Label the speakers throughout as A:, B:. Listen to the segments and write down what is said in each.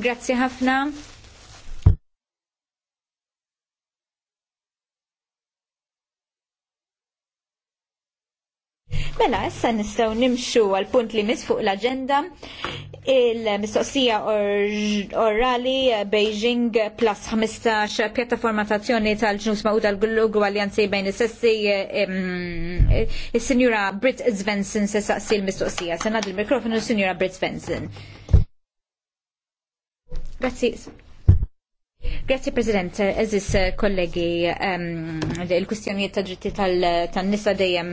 A: Grazzi ħafna. Mela, issa nistgħu nimxu għal punt li mis fuq l-agenda il-mistoqsija orali Beijing plus 15 pjattaforma tazzjoni tal-ġnus mawda l-gullug għaljanzi bejn s sessi il-Sinjura Britt Svensson se sessi il mistoqsija Sena il-mikrofonu il-Sinjura Britt Svensson. Grazzi. Grazie President, eżis eh, kollegi, ehm, il-kustjonijiet ta' ġitti tal-nisa dejjem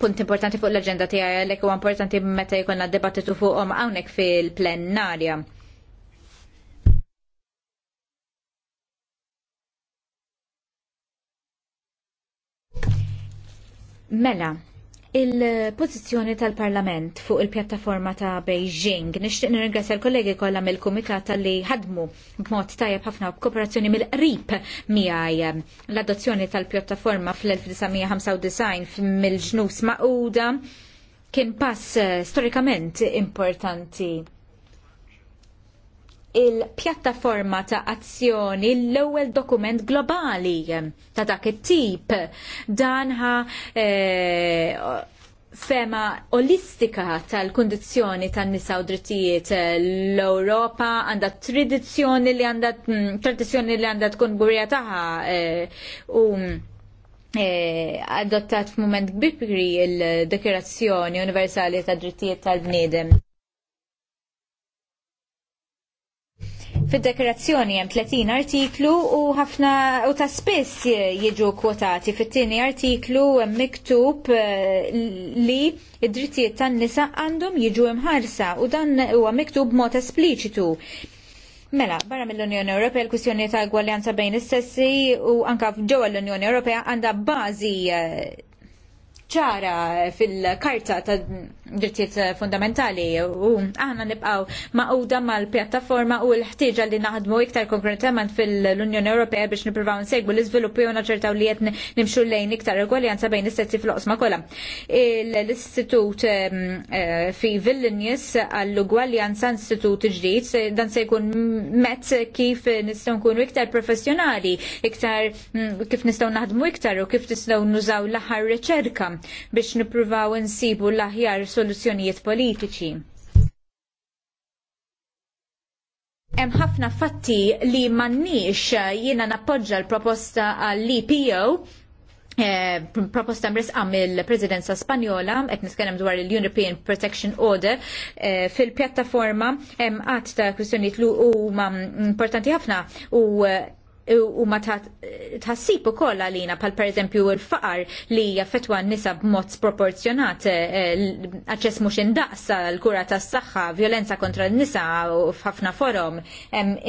A: punt importanti fuq l-agenda tiegħi għalhekk huwa importanti meta jkollna debattitu fuqhom hawnhekk fil-plenarja. Mela, il-pozizjoni tal-Parlament fuq il-pjattaforma ta' Beijing. Nixtieq nirringrazzja l-kollegi kollha mill-Kumitat li ħadmu b'mod tajjeb ħafna b'kooperazzjoni mill-qrib miegħi l-adozzjoni tal-pjattaforma fl-1995 mill-ġnus maquda kien pass storikament importanti il-pjattaforma ta' azzjoni l-ewwel dokument globali ta' dak it-tip danha eh, fema olistika tal-kondizjoni tan-nisa u drittijiet l-Ewropa għandha tradizzjoni li għandha mm, tradizzjoni li għandha tkun burja tagħha eh, u eh, adottat f'mument kbir il-Dekirazzjoni Universali ta' Drittijiet tal-Bniedem. Fid-dekorazzjoni hemm 30 artiklu u ħafna u ta' spiss jiġu kwotati. Fit-tieni artiklu hemm miktub eh, li id-drittijiet tan-nisa għandhom jiġu imħarsa u dan huwa miktub mod espliċitu. Mela, barra mill-Unjoni Ewropea l-kwistjoni ta' gwaljanza bejn is-sessi u anka ġewwa l-Unjoni Ewropea għandha bażi eh, ċara fil-karta ta' drittijiet eh, fundamentali u aħna nibqaw maquda mal-pjattaforma u l-ħtieġa li naħdmu iktar konkretament fil-Unjoni Ewropea biex nippruvaw nsegwu l-iżviluppi u naċertaw li qed nimxu lejn iktar egwaljanza bejn is fl-oqsma kollha. L-Istitut ehm, eh, fi Vilnius għall-Ugwaljanza Istitut ġdid dan se jkun mezz kif nistgħu nkunu iktar professjonali, iktar mm, kif nistgħu naħdmu iktar u kif nistgħu nużaw l-aħħar riċerka biex nippruvaw insibu l-aħjar soluzzjonijiet politiċi. Hemm ħafna fatti li m'għandniex jiena nappoġġa l-proposta għall-EPO eh, proposta mresqa mill-Presidenza Spanjola, qed nitkellem dwar il-European Protection Order, eh, fil-pjattaforma hemm qatt ta' kwistjonijiet li huma importanti ħafna u eh, u ma tħassib ukoll għalina pal pereżempju l-faqar li jaffetwa n-nisa b'mod sproporzjonat eh, aċċess mhux indaqsa l-kura tas-saħħa, violenza kontra n-nisa u f'ħafna forom,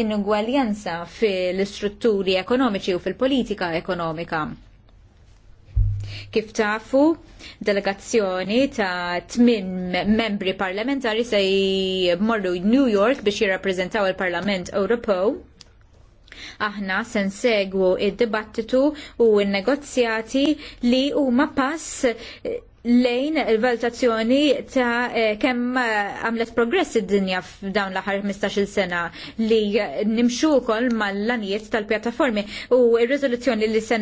A: inugwaljanza fil-strutturi ekonomiċi u fil-politika ekonomika. Kif tafu, delegazzjoni ta' tmin membri parlamentari se jmorru New York biex jirrappreżentaw il-Parlament Ewropew Aħna se nsegwu id-dibattitu u n-negozjati li huma pass eh, lejn il-valutazzjoni ta' eh, kemm eh, għamlet progress id-dinja f'dawn l-aħħar 15-il sena li nimxu wkoll mal-lanijiet tal-pjattaformi u r-riżoluzzjoni li se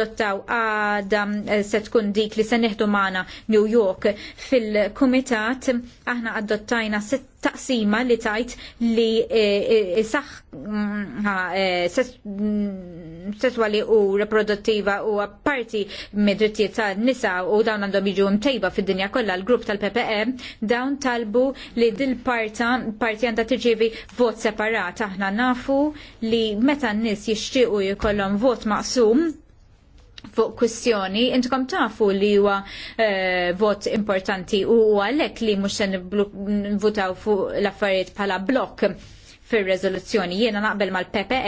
A: dottaw għada se tkun dik li se neħdu maħna New York fil-kumitat aħna adottajna sitt taqsima li tajt li eh, eh, saħ mm, eh, sessuali mm, u reproduttiva u parti mid-drittijiet ta' nisa u dawn għandhom jiġu mtejba fid-dinja kollha l-grupp tal-PPE dawn talbu li dil parta parti għandha tirġievi vot separat aħna nafu li meta n-nies jixtiequ jkollhom vot maqsum fuq kwistjoni, intkom tafu li huwa uh, vot importanti u għalek li mhux se nivvutaw fuq l-affarijiet bħala blokk fil-rezoluzzjoni. Jiena naqbel mal ppe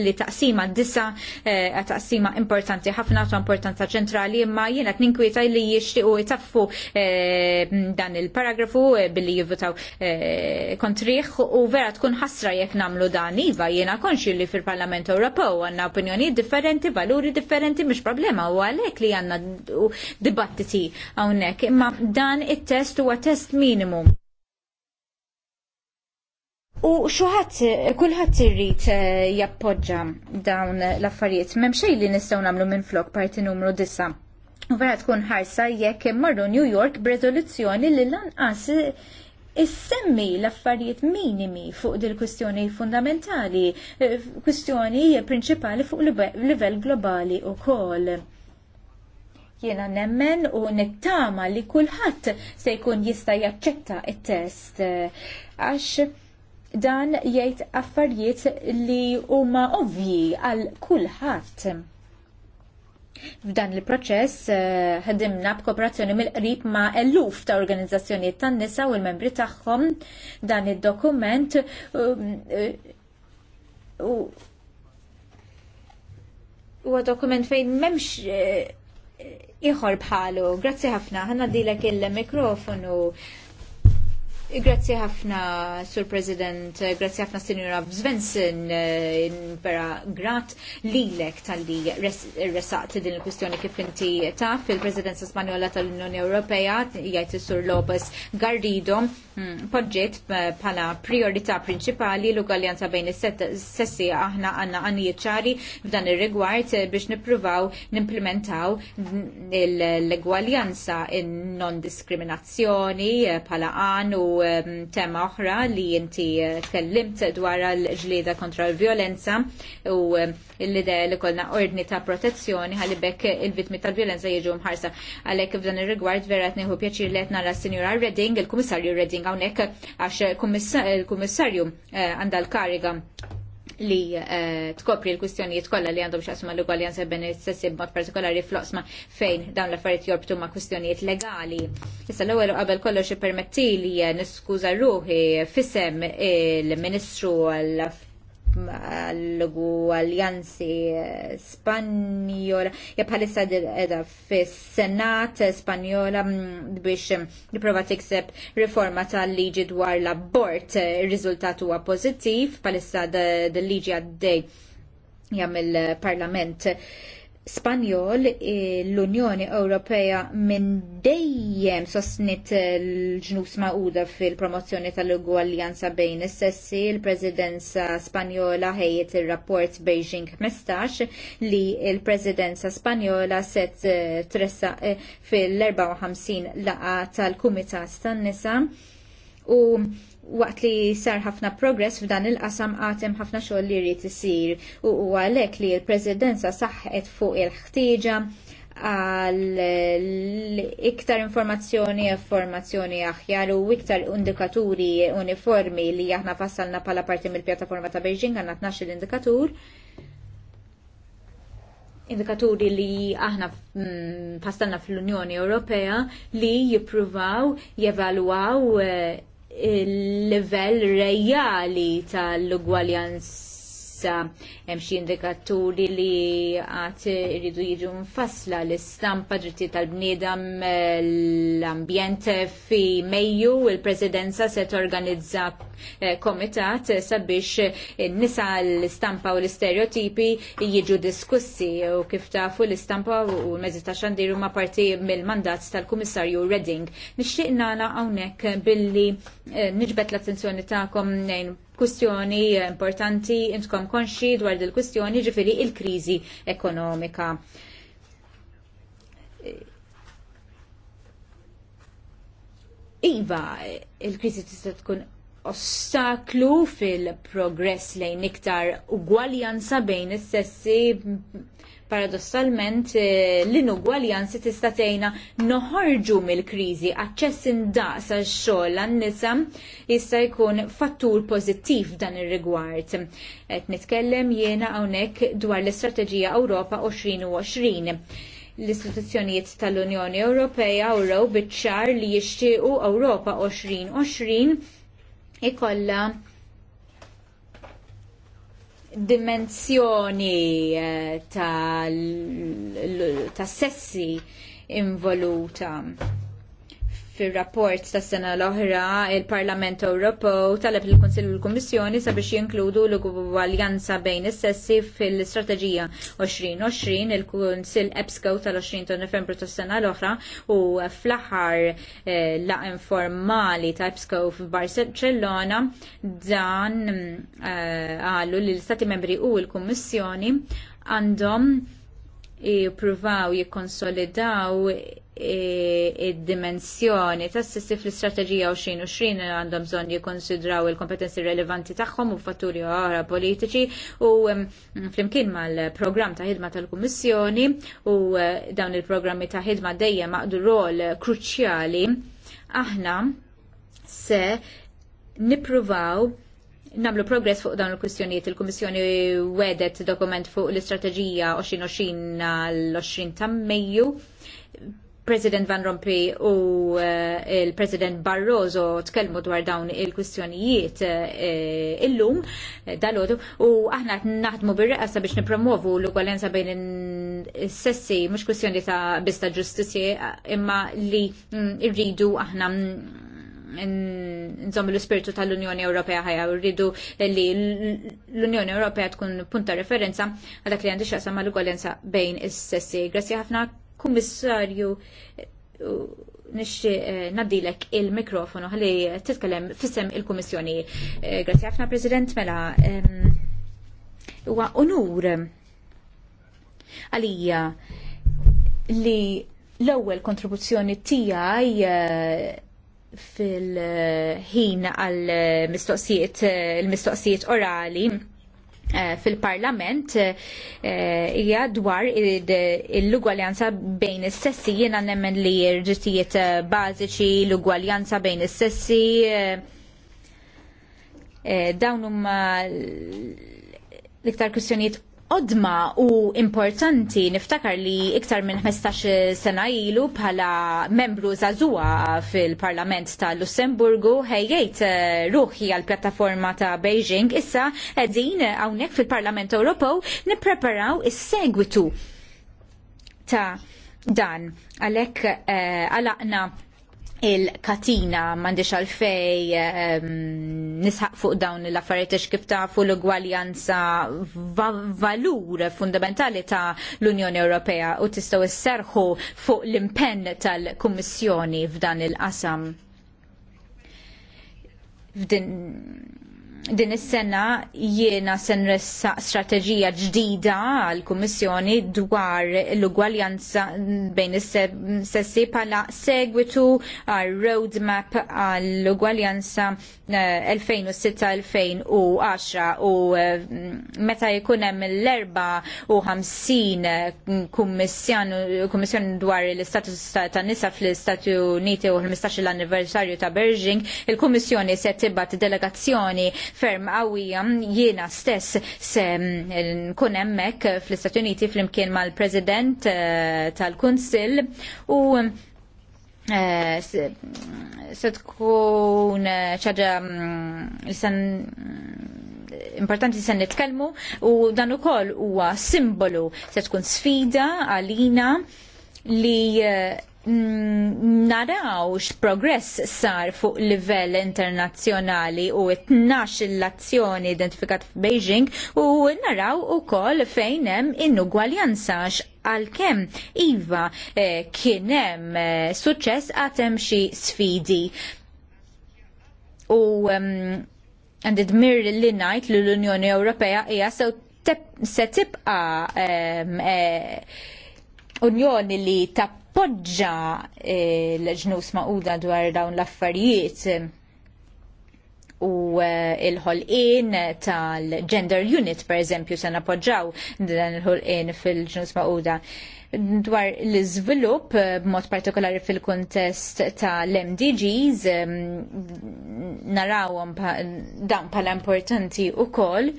A: li taqsima disa eh, taqsima importanti ħafna ta' importanza ċentrali imma jiena t-ninkwieta li jixtiqu jtaffu eh, dan il-paragrafu eh, billi jivutaw eh, kontriħ u vera tkun ħasra jekk namlu dan iva jiena konxi li fil-Parlament Ewropew għanna opinjoni differenti, valuri differenti, mhux problema u għalhekk li għandna dibattiti hawnhekk. Imma dan it-test huwa test minimum. U xuħat, kullħat irrit eh, jappoġġa dawn l-affarijiet. Mem xej li nistaw namlu minn flok parti numru disa'. U vera tkun ħarsa jekk marru New York b'rezoluzzjoni li lanqas issemmi l-affarijiet minimi fuq dil kwistjoni fundamentali, eh, kwistjoni prinċipali fuq livell globali u koll. Jiena nemmen u nittama li kullħat se jkun jista' jaċċetta it-test eh, għax dan jgħid affarijiet li huma ovvji għal kulħadd. F'dan il-proċess eh, ħedimna b'kooperazzjoni mill-qrib ma' eluf ta' organizzazzjonijiet tan-nisa u l-membri tagħhom dan id-dokument um, eh, huwa dokument fejn m'hemmx eh, ieħor bħalu. Grazzi ħafna, ħanna dilek il-mikrofonu. Grazzi ħafna, Sur President, grazzi ħafna Sinjura Svensson, eh, vera grat lilek tal-li resaqt din il-kwistjoni kif inti taf il-Presidenza Spanjola tal-Unjoni Ewropea, jgħid Sur Lopez Garrido, hmm, poġġiet pala eh, priorità prinċipali l-ugaljanza bejn is-sessi aħna għanna għanijiet ċari f'dan ir-rigward biex nippruvaw nimplementaw l-egwaljanza in non-diskriminazzjoni pala eh, għan u Um, tema oħra li inti uh, kellimt dwar l-ġlieda kontra l-violenza u um, l-idea li kolna ordni ta' protezzjoni għalibek il-vitmi tal-violenza jiġu mħarsa. Għalek f'dan il-rigward vera tneħu pjaċir li għetna la' sinjura Redding, il-Kummissarju Redding, għawnek għax il-Kummissarju uh, għanda l-kariga li eh, tkopri l-kwistjonijiet kollha li għandhom x'qasma l-ugwaljanza bejn is b'mod partikolari floqsma fejn dawn l-affarijiet jorbtu ma' kwistjonijiet legali. Issa l-ewwel qabel kollox ippermetti li niskuża ruħi fisem il-Ministru l għallgu għaljanzi Spanjola, ja bħalissa edha fis-Senat Spanjola mm, biex mm, niprofa tikseb riforma tal-liġi dwar l-abort. Il-riżultat huwa pożittiv, bħalissa d-liġi għaddej jam il-parlament Spanjol eh, l-Unjoni Ewropea minn dejjem sostnit eh, l-ġnus Magħquda fil-promozzjoni tal-ugwaljanza bejn is-sessi, il-Presidenza Spanjola ħejjet ir-rapport Beijing 15 li il-Presidenza Spanjola set eh, tressa fil-54 laqa tal-Kumitat tan-Nisa u waqt li sar ħafna progress f'dan il-qasam għatem ħafna xogħol li jrid isir u għalhekk li l-Presidenza saħħet fuq il-ħtieġa għal iktar informazzjoni e formazzjoni aħjar u iktar indikaturi uniformi li aħna fassalna pala parti mill-pjattaforma ta' Beijing għanna 12 indikatur indikaturi li aħna mm, fassalna fl-Unjoni Ewropea li jippruvaw jevalwaw eh, il-level rejali tal ugwaljanz issa hemm xi indikaturi li għad iridu jiġu mfassla l-istampa dritti tal-bniedem l-ambjent fi Mejju il-Presidenza se torganizza eh, komitat sabiex nisa l-istampa u l-istereotipi jiġu diskussi u kif tafu l-istampa u l-mezzi ta' xandiru ma' parti mill-mandat tal-Kummissarju Redding. Nixtieq nagħna hawnhekk billi eh, niġbet l-attenzjoni tagħkom nejn kustjoni importanti intkom konxi dwar il kustjoni ġifiri il-krizi ekonomika. Iva, il-krizi tista' tkun ostaklu fil-progress lejn iktar ugwaljanza bejn is-sessi paradossalment eh, l-inugwaljanzi tista' tgħinna noħorġu mill-kriżi aċċess indaqs għax-xogħol għan-nisa jista' jkun fattur pożittiv dan ir-rigward. Qed nitkellem jiena hawnhekk dwar l-Istrateġija Ewropa 2020 l-istituzzjonijiet tal-Unjoni Ewropea u biċ-ċar li jixtiequ Ewropa 2020 ikolla dimensjoni eh, ta', sessi involuta fir-rapport tas sena l-oħra il-Parlament Ewropew talab il kunsill u l-Kummissjoni sabiex jinkludu l-ugwaljanza bejn is-sessi fil-Istrateġija 2020 il-Kunsill EBSCO tal-20 ta' Novembru tas sena l-oħra u fl-aħħar eh, la' informali ta' EBSCO f'Barcellona dan qalu eh, li l-Stati membri u l-Kummissjoni għandhom jippruvaw jikkonsolidaw id-dimensjoni ta' sissi fl-istrateġija 2020 għandhom bżonn jikkonsidraw il-kompetenzi relevanti tagħhom u fatturi oħra politiċi u flimkien mal-programm ta' ħidma tal-Kummissjoni u eh, dawn il-programmi ta' ħidma dejjem maqdu rol kruċjali aħna se nippruvaw namlu progress fuq dawn il-kwistjonijiet. Il-Kummissjoni wedet dokument fuq l-istrateġija 2020 għal 20 ta' Mejju President Van Rompuy u eh, il-President Barroso tkellmu dwar dawn il-kwistjonijiet eh, illum eh, dalodu u aħna naħdmu bir reqqas biex nipromovu l ugwalenza bejn is-sessi mhux kwistjoni ta' bista ġustizzja imma li mm, rridu aħna mm, nżomm l-ispirtu tal-Unjoni Ewropea ħajja u rridu li l-Unjoni Ewropea tkun punta referenza għal dak li għandi jasama mal ugwalenza bejn is-sessi. Grazie ħafna Kummissarju, nixti eh, nadilek il-mikrofonu ħalli titkellem fissem il-Kummissjoni. Eh, Grazie ħafna, President Mela. Huwa onur għalija li l-ewwel kontribuzzjoni tiegħi eh, fil-ħin għal mistoqsijiet il-mistoqsijiet orali Eh, fil-parlament eh, eh, hija dwar l-ugwaljanza bejn is-sessi jiena nemmen li r-ġittijiet bażiċi l-ugwaljanza bejn is-sessi dawn huma
B: l-iktar
A: kwistjonijiet odma u importanti niftakar li iktar minn 15 sena ilu bħala membru zazua fil-Parlament ta' Lussemburgu ħejjejt eh, ruħi għal pjattaforma ta' Beijing issa edin hawnhekk fil-Parlament Ewropew nippreparaw is-segwitu ta' dan għalhekk eh, għalaqna uh, il-katina mandiċ għalfej um, nisħaq fuq dawn l-affarijiet kif fuq l-ugwaljanza va valur fundamentali ta' l-Unjoni Ewropea u tistgħu isserħu fuq l-impenn tal-Kummissjoni f'dan il-qasam. F'din din is-sena jiena se nressaq strateġija ġdida għall kummissjoni dwar l-ugwaljanza bejn is-sessi bħala segwitu għal roadmap għall ugwaljanza 2006-2010 eh, u eh, meta jkun hemm l-54 eh, kummissjoni dwar l-istatus ta' nisa fl-Istati Uniti u l-15 l-anniversarju ta' Beijing, il-Kummissjoni se tibgħat delegazzjoni ferm qawwija jiena stess se mm, nkun hemmhekk fl-Istati Uniti flimkien mal-President eh, tal-Kunsill u eh, se tkun ċaġa eh, mm, mm, importanti se nitkellmu u dan ukoll huwa simbolu se tkun sfida għalina li Mm, naraw x-progress sar fuq livell internazzjonali u t-nax l-azzjoni identifikat f-Beijing u naraw u koll fejnem innugwaljanza għal-kem Iva eh, kienem eh, suċess għatem xi sfidi. U għandid mir li najt l-Unjoni Ewropea hija se tibqa' eh, unjoni li tappoġġa eh, l-ġnus maquda dwar dawn l-affarijiet u eh, il-ħolqin tal-gender unit, per eżempju, se napoġġaw dan il-ħolqin fil-ġnus maquda dwar l-izvilup eh, b'mod partikolari fil-kontest ta' l-MDGs narawhom dan bħala importanti u koll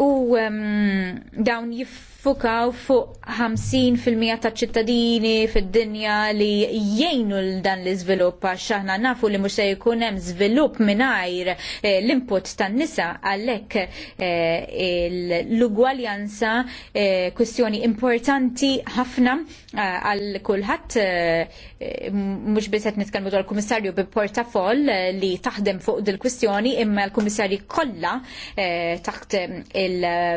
A: u um, dawn jif Fukaw fuq 50% ta' ċittadini fid-dinja li jgħinu dan l-iżvilupp għax aħna nafu li mhux se jkun hemm żvilupp mingħajr eh, l-input tan-nisa għalhekk eh, l-ugwaljanza eh, kwestjoni importanti ħafna għal kulħadd mhux biss qed nitkellmu dwar kummissarju bi portafoll li taħdem fuq dil-kwistjoni imma l-kummissarji kollha taħt il-mandat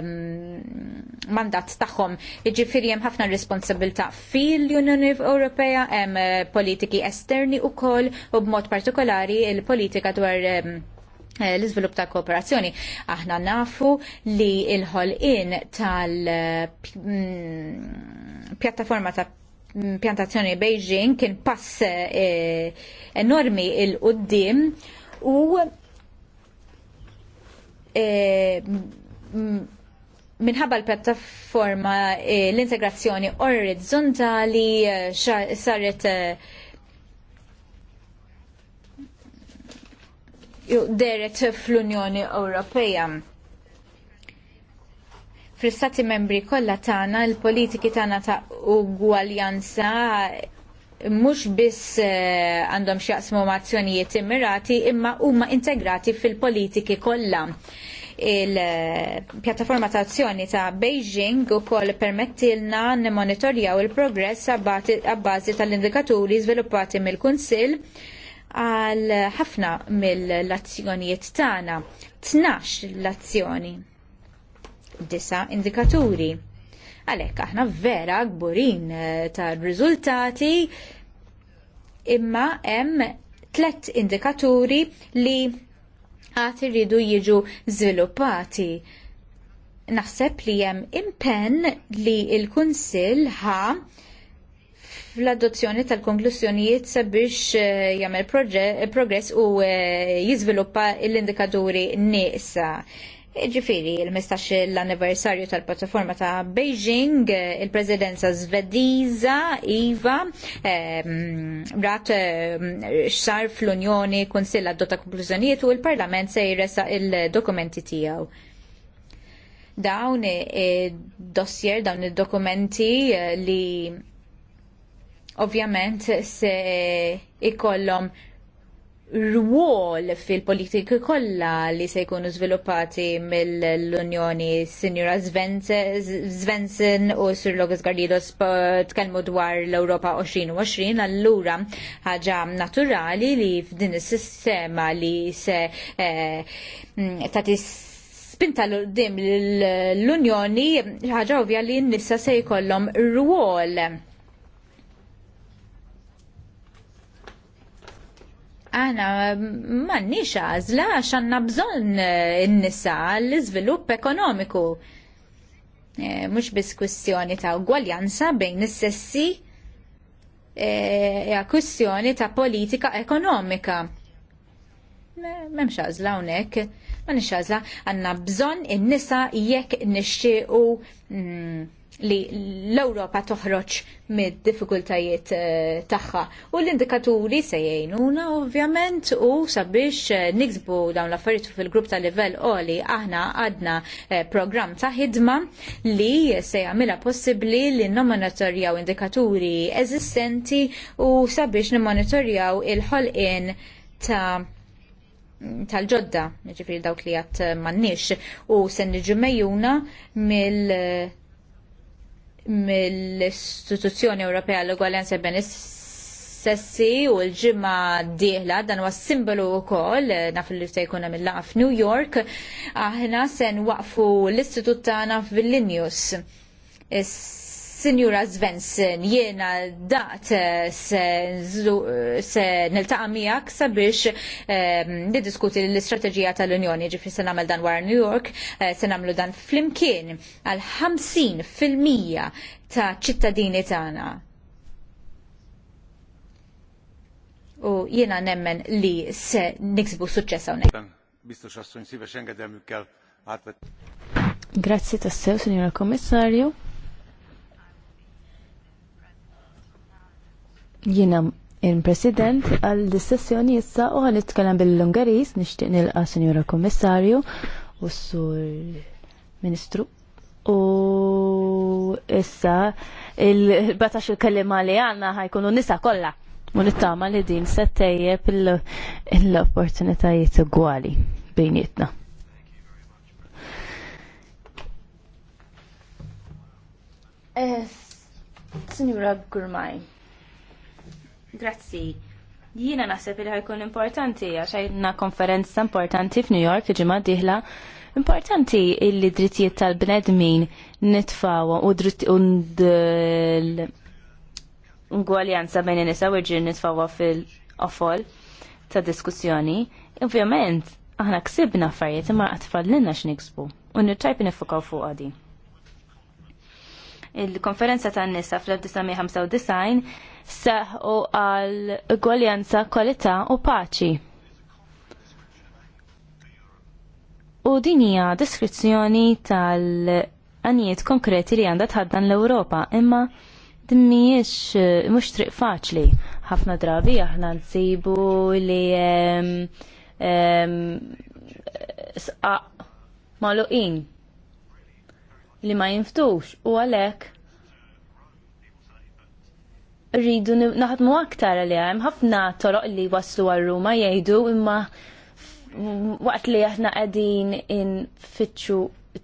A: mm, l-impatt tagħhom. Jiġifieri hemm ħafna responsabilità fil-Unjoni Ewropea, hemm eh, politiki esterni wkoll u b'mod partikolari il-politika dwar ehm, eh, l iżvilupp ta' kooperazzjoni. Aħna nafu li il in tal-pjattaforma eh, mm, ta' pjantazzjoni Beijing kien pass enormi il-qoddim u minħabba l-pjattaforma eh, l-integrazzjoni orizzontali eh, saret eh, deret fl-Unjoni Ewropea. Fl-istati membri kollha tagħna l-politiki tagħna ta' ugwaljanza mhux biss għandhom x'jaqsmu azzjonijiet immirati imma huma integrati fil-politiki kollha il-pjattaforma ta' azzjoni ta' Beijing u kol permettilna nimonitorjaw il-progress għabbażi tal-indikaturi sviluppati mill-Kunsil għal ħafna mill-azzjonijiet tagħna. Tnax l-azzjoni. Disa indikaturi. Għalhekk aħna vera gburin eh, tar-riżultati imma hemm tlet indikaturi li għat iridu jiġu żviluppati. Naħseb li hemm impenn li l-Kunsill ħa fl-adozzjoni tal-konklusjonijiet sabiex eh, jagħmel progress u eh, jiżviluppa l-indikaturi nieqsa Ġifiri, il mistax l-anniversarju tal-plataforma ta' Beijing, il-prezidenza svediza, IVA, rat xsar fl-Unjoni, konsilla dota konklużjonijiet u il-Parlament se jressa il-dokumenti tijaw. Dawn dossier, dawn il-dokumenti eh, li ovvjament se ikollom rwol fil-politiki kollha li se jkunu żviluppati mill-Unjoni Sinjura Svensen u Sir Logos Gardidos tkellmu dwar l europa 2020 allura ħaġa naturali li f'din is-sistema li se eh, mm, tatis spinta l l-Unjoni ħaġa ovvja li n-nisa se jkollhom rwol għana mannix għazla għanna bżon eh, n-nisa l izvilup ekonomiku. Eh, Mux bis kwestjoni ta' ugwaljanza bejn is-sessi e, eh, kwestjoni ta' politika ekonomika. Memx għazla hawnhekk ma nixaza għanna bżon in-nisa jekk nixtiequ mm, li l-Ewropa toħroġ mid-diffikultajiet eh, tagħha. U l-indikaturi se jgħinuna ovvjament u sabiex eh, niksbu dawn l-affarijiet fil-grupp ta' livell oli aħna għadna eh, programm ta' ħidma li se jagħmilha possibbli li nommonitorjaw indikaturi eżistenti u sabiex nimmonitorjaw il-ħolqien ta' tal-ġodda, ġifiri dawk li għat mannix, u sen niġu mill mill-istituzzjoni Ewropea l-Ugwaljanza bejn sessi u l-ġimma diħla dan huwa simbolu wkoll naf li se jkun hemm laqa New York aħna se waqfu l-istitut tagħna f'Vilnius. Signora Svensson, jiena daqt eh, eh, se niltaqa' miegħek sabiex ehm, niddiskuti l-istrateġija tal-Unjoni ġifri se nagħmel dan wara New York, eh, se nagħmlu dan flimkien għal 50 fil-mija ta' ċittadini tagħna. U jiena nemmen li se niksbu suċċess hawnhekk.
B: Biztos asszony szívesen engedelmükkel átvet.
C: Grazzi tassew, signora Kommissarju. Jina in-president għal-dissessjoni issa u għan nitkellem bil lungaris nishtiq nilqa Sinjura Kommissarju u s-Sur Ministru. U issa il-batax il-kellima li għanna ħajkunu nisa kolla. nittama li din settejjeb l-opportunitajiet ugwali bejnietna. Eh, Signora Gurmaj. Grazzi. Jiena naħseb li ħajkun importanti għax konferenza importanti f'New York ġimgħa diħla Importanti illi drittijiet tal-bnedmin nitfawa u dritti l-ungwaljanza bejn nisa u ġir nitfawa fil ofol ta' diskussjoni. Ovvjament, aħna ksibna affarijiet imma għatfallinna x'niksbu u nirtajp nifukaw fuq għadi il-konferenza tan nisa fl-1995 u għal gwaljanza, kwalità u paċi. U din hija deskrizzjoni tal-għanijiet konkreti li għandha tħaddan l-Ewropa, imma mhijiex mhux triq faċli. Ħafna drabi aħna nsibu li saq maluqin li ma jinftux u għalhekk rridu naħdmu aktar għalija, hemm ħafna toroq li waslu għar-Ruma jgħidu imma waqt li aħna qegħdin infittxu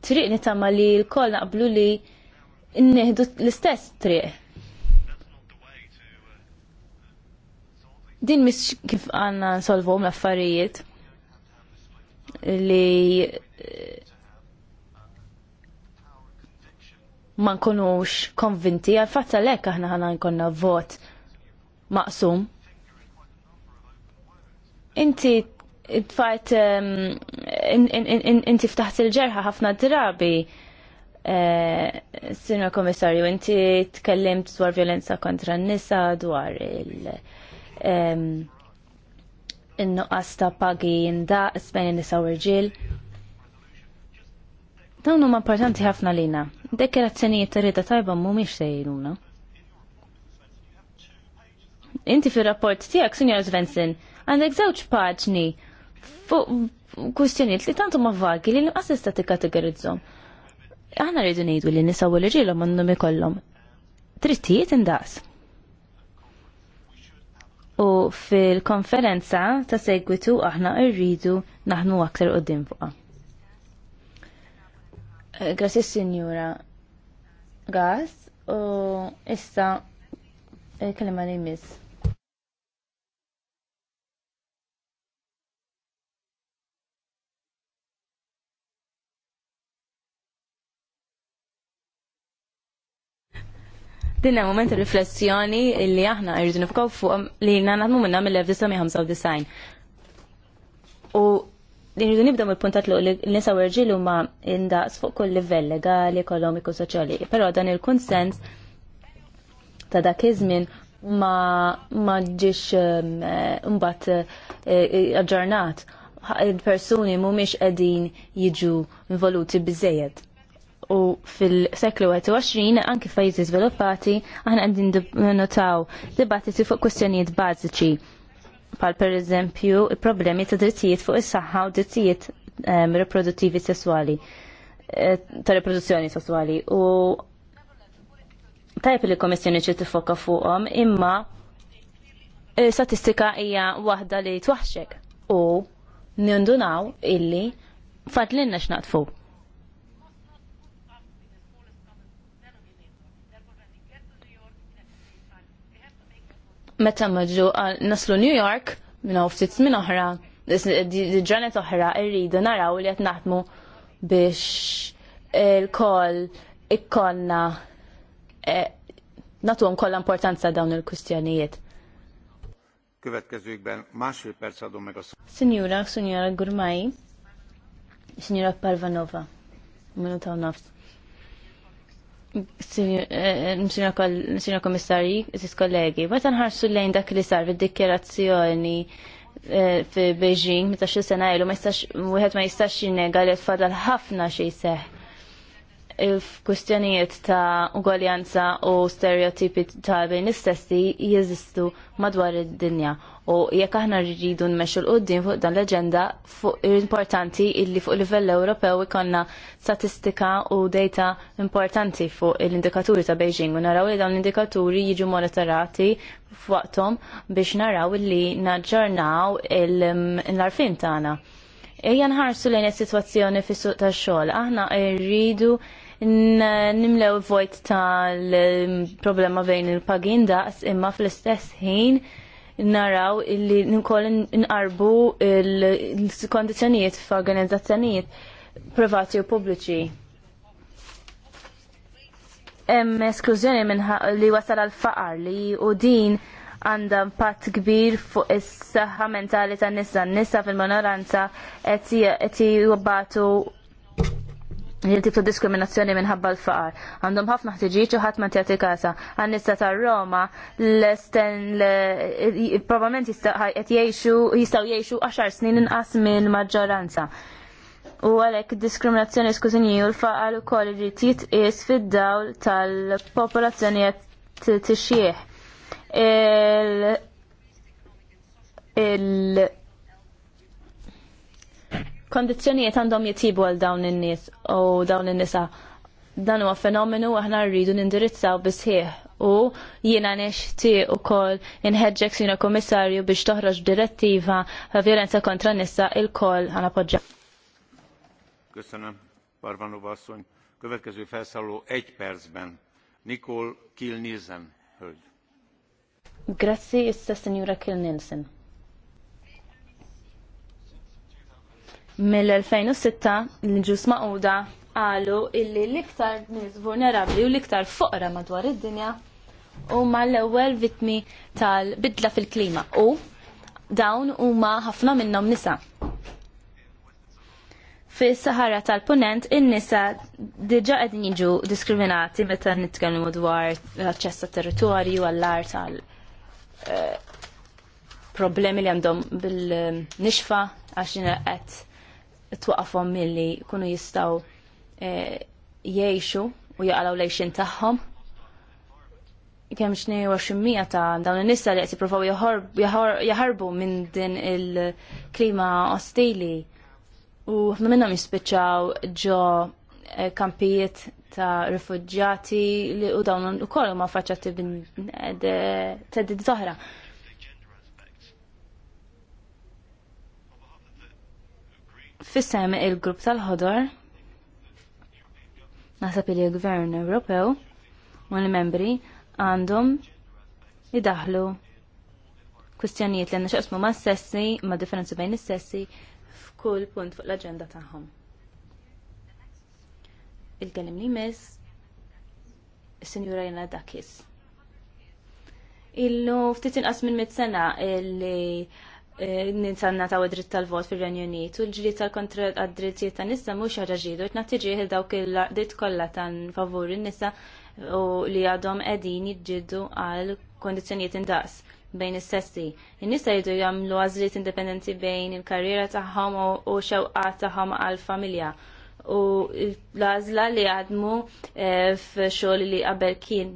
C: triq nitama li l-koll naqblu li nneħdu l-istess triq. Din mis kif għanna nsolvom l-affarijiet li ma nkunux konvinti, għal fatt għalhekk aħna ħana nkunna vot maqsum. Inti fajt inti ftaħt il-ġerħa ħafna drabi. Eh, Sina komissarju, inti tkellimt dwar violenza kontra n-nisa, dwar il- in-nuqqas ta' pagi jindaq, spejn nisa u rġil. Dawn huma importanti ħafna lina. Dekkerazzjonijiet irrida tajba mhumiex sejruna. Inti fir-rapport tiegħek, Sinjor Svensson, għandek żewġ paġni fuq kwistjonijiet li tant ma vagi li nuqqas tista' tikkategorizzhom. Aħna rridu ngħidu li nisa u l-irġielhom għandhom ikollhom trittijiet indaqs. U fil-konferenza ta' segwitu aħna rridu naħnu aktar qudiem fuqha. Eh, Grazie signora Gas u issa eh, kelima li miss. Dinna moment riflessjoni li aħna irridu nifkaw fuq li jina naħdmu minna mill-1995. Nirridu nibda mill-puntat l l-nisa u rġilu ma indaqs fuq kull livell legali, ekonomiku, soċjali. Però dan il-konsens ta' dak iż-żmien ma ma ġiex um, eh, mbagħad eh, eh, aġġornat il-persuni mhumiex qegħdin jiġu involuti biżejjed. U fil-seklu 21 anke fajzi żviluppati aħna qegħdin notaw dibattiti fuq kwestjonijiet bażiċi pal per eżempju problemi ta' drittijiet fuq is-saħħa u drittijiet ehm, riproduttivi sessuali eh, ta' riproduzzjoni sessuali u tajb li komissjoni ċi tifoka fuqhom imma eh, statistika hija waħda li twaħxek u nindunaw illi fadlinna x'naqtfu. meta maġu naslu New York minna uftit minn oħra, ġranet oħra irridu naraw li qed naħdmu biex il-koll ikkonna e, natuhom kollha importanza dawn il-kwistjonijiet.
B: Következőkben másfél perc adom meg a
C: Signora, signora Gurmai, signora Parvanova, minuta u nofs. Sinjor Komissari, eh, Sis kollegi, meta nħarsu lejn dak li sar fil dikjerazzjoni eh, fi Beijing, meta xil sena ilu, ma jistax wieħed ma jistax jinnega li tfadal ħafna xie seħ f'kustjonijiet ta' ugoljanza u stereotipi ta' bejn istessi jeżistu madwar id-dinja u jekk aħna rridu nmexxu l-qudiem fuq dan l-aġenda fuq importanti illi fuq livell Ewropew ikonna statistika u data importanti fuq l-indikaturi ta' Beijing u naraw li dawn l-indikaturi jiġu monitorati f'waqthom biex naraw illi naġġornaw l-arfin tagħna. Ejja nħarsu lejn is-sitwazzjoni fis-suq tax-xogħol. Aħna rridu nimlew vojt tal-problema bejn il-pagin daqs imma fl-istess ħin naraw illi nkoll nqarbu il-kondizjonijiet f'organizzazzjonijiet privati u pubbliċi. Hemm esklużjoni minn li wasal għal faqar li u din għanda impatt kbir fuq is-saħħa mentali tan nisa. n Nisa fil-minoranza qed jibbatu jien tip ta' diskriminazzjoni minħabba l-faqar. Għandhom ħafna ħtiġiċu u ħadd ma tjagħti kasa. għan ta' Roma l-esten probablement jistaw jiexu jistgħu jgħixu 10 snin inqas minn maġġoranza. U għalhekk diskriminazzjoni skużinji u l-faqar ukoll ġitit jitqies fid-dawl tal-popolazzjoni t tixjieħ. il kondizzjonijiet għandhom jitibu għal dawn in-nies u dawn in-nisa. Dan huwa fenomenu aħna rridu nindirizzaw bisħieħ u jiena nixtieq ukoll inħeġġek sina komissarju biex toħroġ direttiva ta' violenza kontra nissa nisa il-koll ħana poġġa.
B: Köszönöm, Barvanova asszony. Következő felszálló egy percben. Nikol Kilnilsen, hölgy.
C: Grazie, issa signora Kilnilsen. mill-2006 l-ġus maquda għalu illi l-iktar nis vulnerabli u l-iktar foqra madwar id-dinja u l ewwel vitmi tal-bidla fil-klima u dawn huma ħafna minnhom nisa fis-Sahara tal-Punent in-nisa diġà qegħdin jiġu diskriminati meta nitkellmu dwar l-aċċess tat-territorju għall-art tal eh, problemi li għandhom bil-nixfa għax qed twaqafhom milli kunu jistgħu eh, jgħixu u jaqalaw lejxin tagħhom. Kemm 22% ta' dawn in-nisa li qed jippruvaw jaħarbu minn din il-klima ostili u ħafna minnhom jispiċċaw ġo eh, kampijiet ta' rifugġati li u dawn ukoll huma faċċati bin eh, teddid oħra. Fissem il-grupp tal-ħodor, nasab li l-Gvern Ewropew u l-membri għandhom idaħlu kwistjonijiet li għandna xaqsmu ma' sessi, ma' differenzi bejn is-sessi f'kull punt fuq l-agenda tagħhom. Il-kelim li miss, il-Sinjura Jena Dakis. Illu ftit inqas minn mit sena illi Eh, ninsanna ta' dritt tal-vot fil-Renju Unit u l-ġli tal-kontra għad-drittijiet ta' nisa mhux ħaġa ġidu qed nagħtiġih dawk il-laqdiet kollha tan favur in-nisa u li għadhom qegħdin jiġġieldu għal kondizzjonijiet indaqs bejn is-sessi. In-nisa jridu jagħmlu għażliet indipendenti bejn il-karriera tagħhom u xewqat tagħhom għall-familja u l-għażla li għadmu eh, f'xogħol li qabel kien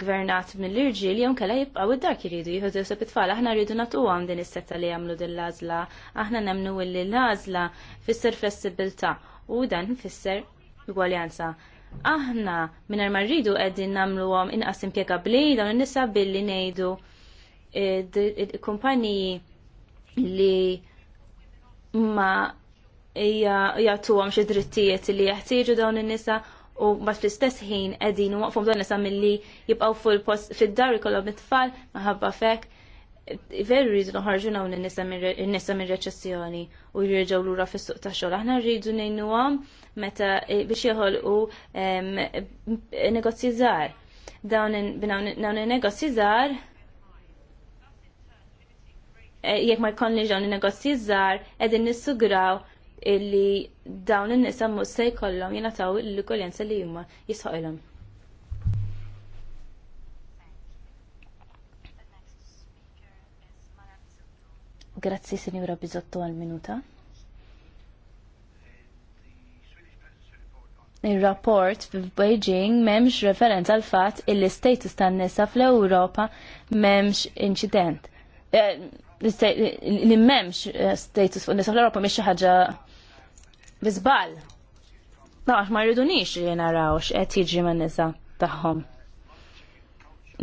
C: gvernat mill li jew jibqa' jibqgħu id-dak jridu jieħdu joseb it-tfal. Aħna rridu nagħtuhom din is-setta li jagħmlu din l-għażla. Aħna nemnu li l-għażla fisser flessibilta u dan fisser gwaljanza. Aħna minn ma rridu qegħdin nagħmluhom inqas impjegabbli u in-nisa billi ngħidu eh, kumpaniji li ma jagħtuhom xi drittijiet li jeħtieġu dawn in-nisa u bat fl-istess ħin qegħdin waqfhom dawn nisa milli jibqgħu full post fid-dar ikollhom it-tfal minħabba fek. Veru rridu noħarġu dawn in-nisa minn reċessjoni u jirġgħu lura fis-suq tax-xogħol. Aħna rridu ngħinuhom meta eh, biex jeħolqu negozji żgħar. Dawn in-negozji żgħar eh, jekk ma jkollni ġon negozji żgħar qegħdin nissugraw illi dawn in-nisa mhux se jkollhom jingħataw l-igwaljanza li huma jisħoqilhom. Grazzi, Sinjura Bizotto, għal-minuta. Il-rapport f'Beijing memx referenza għal fatt illi status tan nisa fl-Ewropa memx incident. Eh, li memx eh, status fuq nisa fl europa memx xi bizbal. għax ma rridunix li narawx qed jiġri man nisa tagħhom.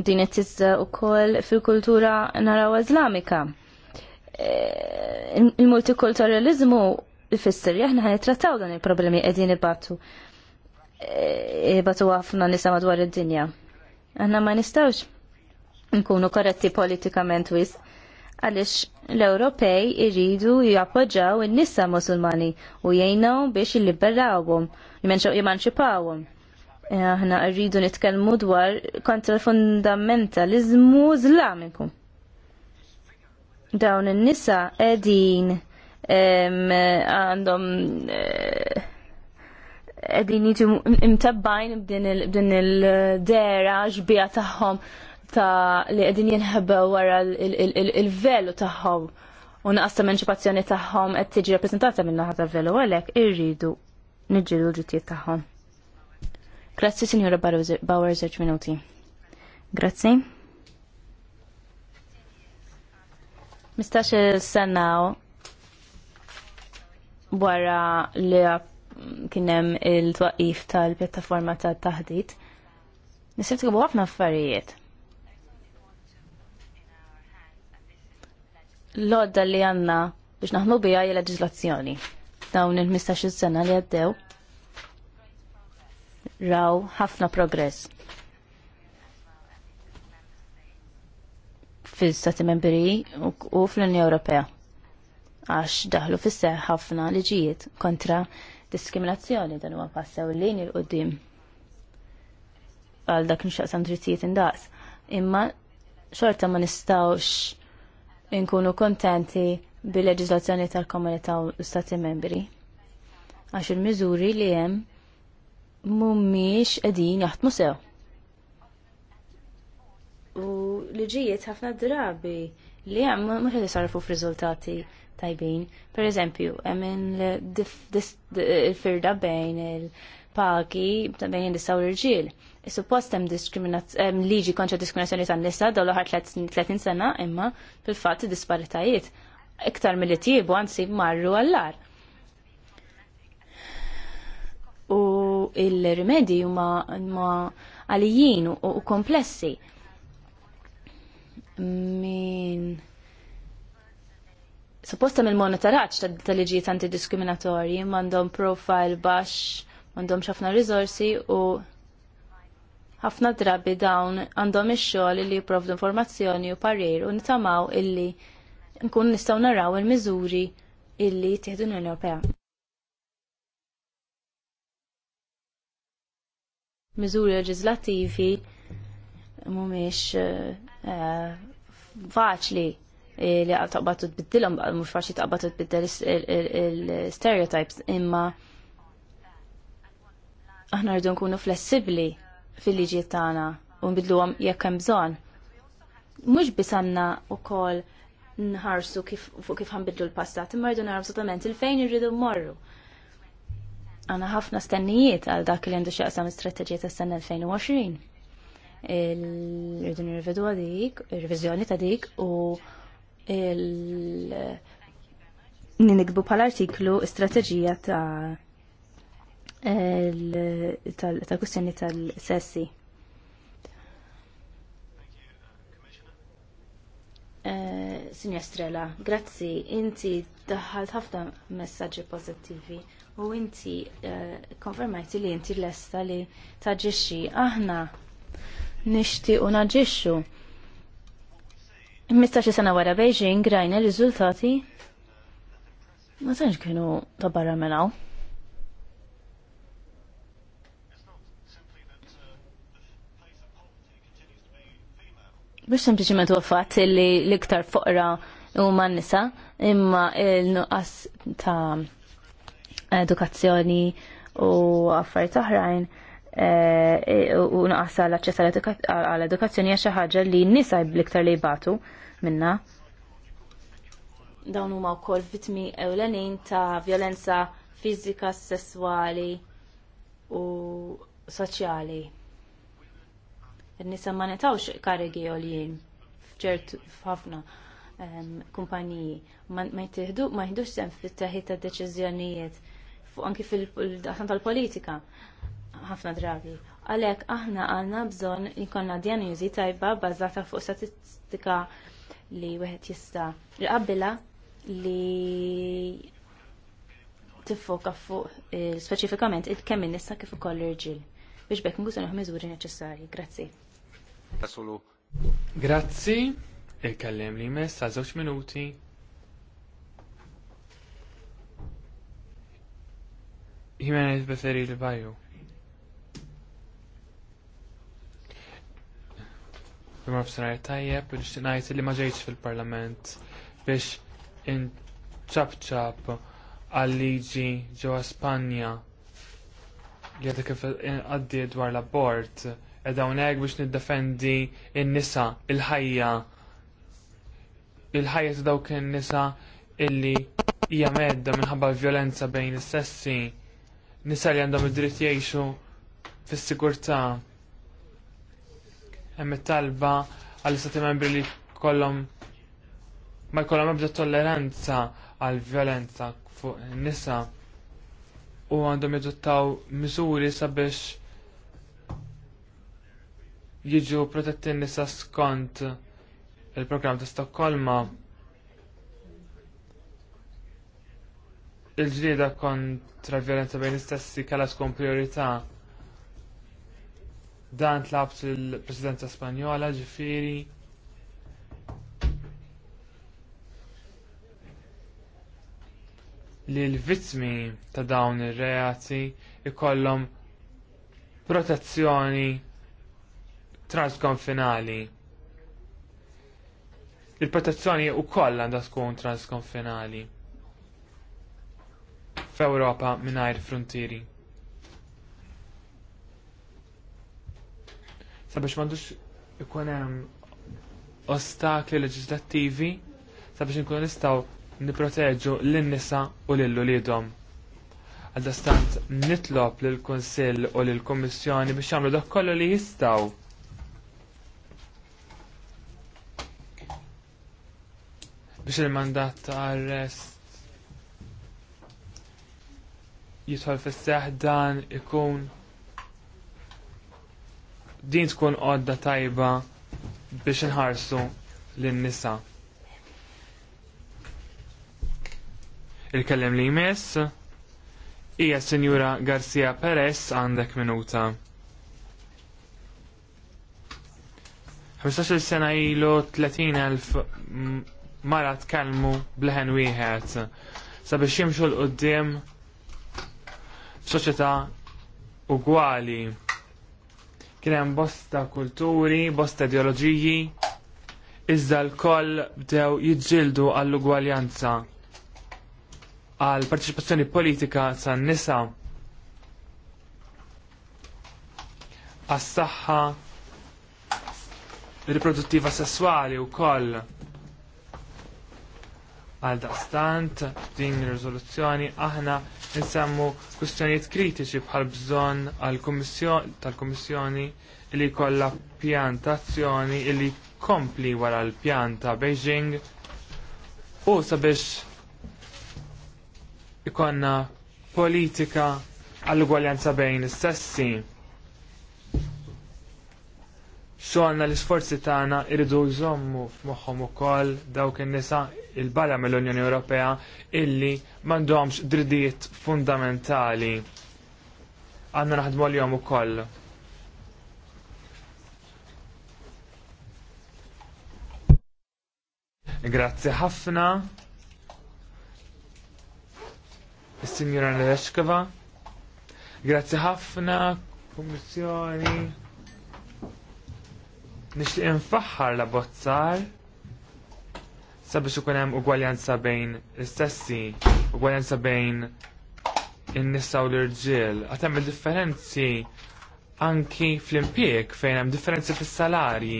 C: Din qed tizza wkoll eh, fil-kultura naraw Iżlamika. Eh, il-multikulturalizmu jfisser li aħna ħanitrattaw dan il-problemi qegħdin ibatu. Eh, batu ħafna nisa madwar id-dinja. Aħna ma nistgħux nkunu korretti politikament wis għaliex l-Ewropej iridu jappoġġaw in-nisa Musulmani u jgħinhom biex jilliberawhom, jemanċipawhom. Eh, aħna rridu nitkellmu dwar kontra l-fundamentalizmu Islamiku. Dawn in-nisa qegħdin għandhom eh, qegħdin jiġu imtabbajn b'din il-dera ġbija tagħhom ta' li qegħdin jenħabba wara il-velu tagħhom u naqas ta' emanċipazzjoni tagħhom qed tiġi rappresentata minna naħa velu għalhekk irridu niġġieldu l-ġittijiet tagħhom. Grazzi Sinjora Bauer żewġ minuti. Grazzi. Mistax sennaw wara li kienem il-twaqif tal-pjattaforma tal-taħdit. Nisib għafna ħafna affarijiet. l-odda li għanna biex naħmu bija hija leġislazzjoni. Dawn il-15 sena li għaddew raw ħafna progress. fil-Stati Membri u fl-Unjoni Ewropea għax daħlu fisse ħafna liġijiet kontra diskriminazzjoni dan huwa l-lini l-qoddim għal dak nixtaqsam drittijiet indaqs. Imma xorta ma nistawx Inkunu kontenti bil-leġizlazzjoni tal-komunità u stati membri. Għax il-miżuri li hemm mhumiex qegħdin jaħdmu sew. U liġijiet ħafna drabi li hemm mhux qed f f'riżultati tajbin. Per eżempju, hemm il-firda bejn il-pagi ta' bejn in-nisa l-irġiel Suppost hemm diskriminazzjoni liġi kontra diskriminazzjoni tan-nisa dawn l-aħħar 30 sena imma fil-fatt disparitajiet iktar milli tiebu anzi marru għall U il-rimedji huma għalijin u komplessi. Min supposta mill monitoraċ tal-liġijiet antidiskriminatorji m'għandhom profile baxx, mandom ħafna risorsi u ħafna drabi dawn għandhom ix-xogħol li jipprovdu informazzjoni u parir u nitamaw illi nkun nistgħu naraw il-miżuri illi jittieħdu l-Unjoni Ewropea. Miżuri leġislattivi mhumiex eh, faċli eh, li taqbad tbiddilhom mhux faċli taqbad u tbiddel il-stereotypes imma aħna rridu nkunu flessibbli fil liġiet tagħna u nbidluhom jekk hemm bżonn. Mhux biss għandna wkoll nħarsu kif fuq kif ħanbidlu l-passat, imma rridu naraw esattament il-fejn irridu mmorru. Għana ħafna stennijiet għal dak li għandu xaqsam istrateġija ta' s-sena 2020. Rridu nirvedu għadik, revizjoni ta' dik u il-nikbu pal-artiklu strategija ta' tal-kustjoni tal-sessi. Eh, Sinja Strela, grazzi, inti daħalt ħafna messaġġi pozittivi u inti eh, konfermajti li inti lesta li taġixxi aħna nishti u naġixxu. Mistaċi sena wara Beijing rajna l riżultati ma tantx kienu ta' barra melaw. Biex sempliċiment u fatt li l-iktar foqra huma nisa imma il-nuqqas ta' edukazzjoni u affarijiet oħrajn eh, u nuqqas għal aċċess għall-edukazzjoni għaxa ħagġa ħaġa li nisa bl-iktar li jbatu minna. Dawn huma wkoll vittmi ewlenin ta' violenza fiżika, sesswali u soċjali nisa ma netawx karigi għoljien fċert ħafna ehm, kumpaniji. Ma jtiħdu, ma jħidux sem fit taħita deċizjonijiet fuq anki fil-daħsan tal-politika ħafna drabi. Għalek aħna għanna bżon jikonna diagnosi tajba bazzata fuq statistika li wieħed jista' l-qabbila li tiffoka fuq eh, speċifikament il-kemm in-nisa kif ukoll l-irġiel biex bekk nkunu miżuri neċessarji. Grazzi.
D: Grazzi, il-kellem li mess ta' żewġ minuti. Jimenez Beferi l-Bajju. Jumma f tajjeb, biex najt li maġejċ fil-parlament biex ċab għal-liġi ġewwa Spanja li għadda kif għaddi dwar l-abort edha unek biex niddefendi il-nisa, il-ħajja, il-ħajja ta' dawk il-nisa illi hija medda minħabba violenza bejn is-sessi, nisa li għandhom id-dritt jgħixu fis-sigurtà. Hemm it-talba għall istati membri li kollhom ma jkollhom ebda tolleranza għal violenza fuq in-nisa u għandhom jadottaw miżuri sabiex jiġu protetti n-nisa skont il-programm ta' Stokkolma il-ġlieda kontra violenza bejn istessi kalla tkun priorità dan tlabt il-presidenza spanjola ġifiri li l vizmi ta' dawn ir-reati ikollhom protezzjoni transkonfinali. Il-protezzjoni u koll għandha tkun transkonfinali. F'Ewropa mingħajr frontieri. Sabiex m'għandux ikun hemm ostakli leġislattivi sabiex nkunu nistaw nipproteġu lin-nisa u lil uliedhom. Għaldastant nitlob lill kunsill u lill kummissjoni biex jagħmlu dak kollu li jistgħu biex il-mandat ta' arrest jidħol fis-seħ dan ikun din tkun għodda tajba biex inħarsu lin-nisa. Il-kellem li jmiss hija Sinjura Garcia Perez għandek minuta. 15 sena ilu 30.000 mara tkellmu bleħen wieħed sabiex jimxu l-qoddim f'soċjetà ugwali. Kien hemm bosta kulturi, bosta ideoloġiji, iżda l-koll bdew jiġġieldu għall-ugwaljanza għal parteċipazzjoni politika tan nisa għas-saħħa riproduttiva sessuali u koll Għal daqstant, din ir-riżoluzzjoni aħna nsemmu kwistjonijiet kritiċi bħal bżonn tal-Kummissjoni li kollha pjantazzjoni li kompli wara l-pjan ta' Beijing u sabiex ikonna politika għall-ugwaljanza bejn is-sessi So għanna l-isforzi tagħna irridu jżommu f'moħħhom ukoll dawk in-nisa il-barra mill-Unjoni Ewropea illi m'għandhomx drittijiet fundamentali. għanna naħdmu l-jom ukoll. Grazzi ħafna. Is-Sinjura Nereshkova. Grazzi ħafna, Kommissjoni. Nixtieq infaħħar la bozzar sabiex ikun hemm ugwaljanza bejn istessi, ugwaljanza bejn in-nisa u l-irġiel, għad hemm differenzi anki fl impjieg fejn hemm differenzi fis-salarji.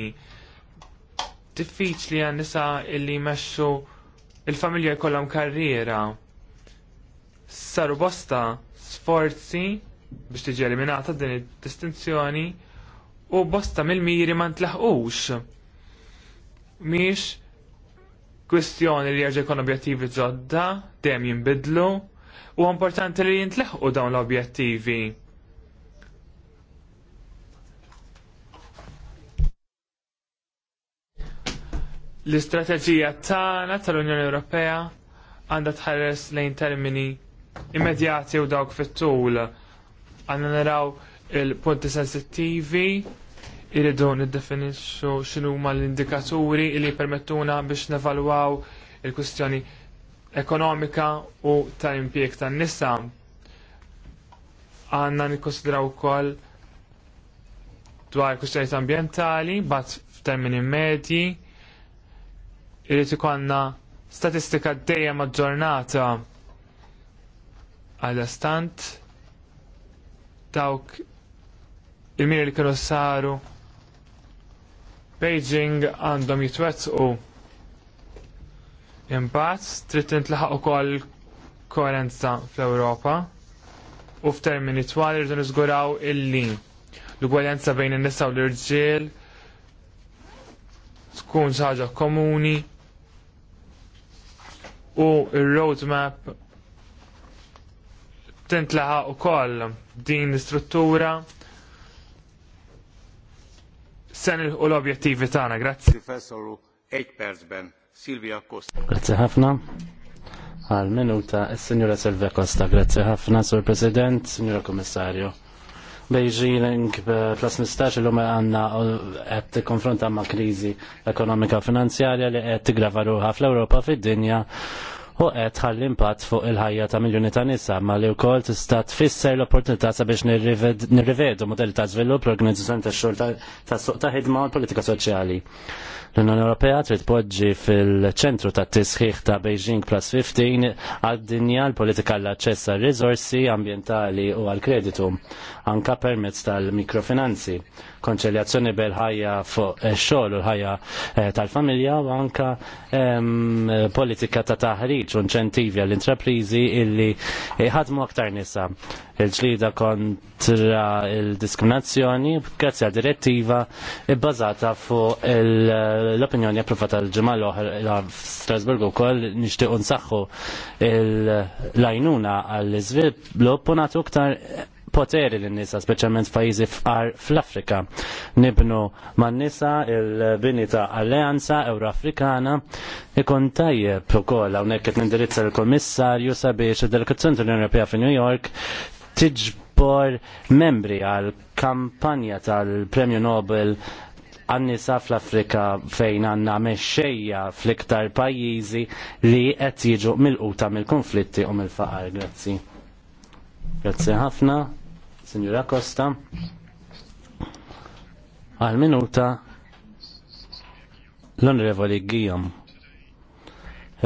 D: Diffiċli għan nisa illi jmexxu il-familja jkollhom karriera. Saru bosta sforzi biex tiġi eliminata din id-distinzjoni u bosta mill-miri ma ntlaħqux. Miex kwestjoni li jerġa' jkun objettivi ġodda, dejjem jinbidlu, u importanti li jintlaħqu dawn l-objettivi. L-istrateġija tagħna tal-Unjoni Ewropea għandha tħares lejn termini immedjati u dawk fit-tul. Għandna naraw il-punti sensittivi irridu niddefinixxu x'inhu huma l-indikaturi li permettuna biex nevalwaw il-kwistjoni ekonomika u ta' impjeg tan-nisa. Għandna nikkonsidraw ukoll dwar kwistjonijiet ambjentali, bat f'termini medji, irrid ikollna statistika dejjem maġġornata għal stant dawk il-miri li kienu saru Beijing għandhom jitwettqu imbagħad trid tintlaħaq ukoll koerenza fl-Ewropa u f'termini twal rridu niżguraw illi l-ugwaljanza bejn in-nisa u l-irġiel tkun ħaġa komuni u r roadmap tintlaħaq ukoll din l-istruttura sen u l-objettivi tagħna. Grazzi.
B: Professoru, Silvia Costa. Grazzi ħafna. Għal minuta, il-Signora Silvia Costa, grazzi ħafna, Sur President, Signora Kommissarju. Beijing eh, l-lum għanna eh, għed konfronta ma' krizi ekonomika finanzjarja li għed tigrava ruħa fl-Europa fid-dinja u qed ħall impatt fuq il-ħajja ta' miljuni ta' nisa ma li wkoll tista' tfisser l-opportunità sabiex nirrivedu modelli ta' żvilupp l-organizzazzjoni tax-xogħol ta' suq ta' ħidma u politika soċjali. L-Unjoni Ewropea trid poġġi fil-ċentru ta' tisħiħ ta' Beijing Plus 15 għad-dinja l-politika l-aċċess għal riżorsi ambjentali u għal kreditu anka permezz tal-mikrofinanzi konċeljazzjoni bel-ħajja fuq xogħol u l-ħajja eh, tal-familja u anka ehm, politika ta' taħriġ u inċentivi għall-intraprizi illi ħadmu aktar nisa. Il-ġlida kontra il-diskriminazzjoni grazzi għal direttiva bbażata fuq l-opinjoni approvata l-ġimgħa l-oħra f'Strasburgu wkoll nixtiequ nsaħħu l-għajnuna għall-iżvilupp u nagħtu aktar poteri l-nisa, specialment f'pajjiżi fqar fl-Afrika. Nibnu man nisa il-bini ta' Alleanza Euroafrikana ikun tajjeb ukoll hawnhekk qed nindirizza l-Kummissarju sabiex id-Delegazzjoni tal-Unjoni Ewropea fi New York tiġbor membri għal kampanja tal-Premju Nobel għannisa fl-Afrika fejn għanna meċxejja fl-iktar pajjiżi li qed jiġu mill-quta mill-konflitti u mill-faqar. Grazzi. Grazzi ħafna. Signora Costa. Għal minuta l-Onorevoli Gijom.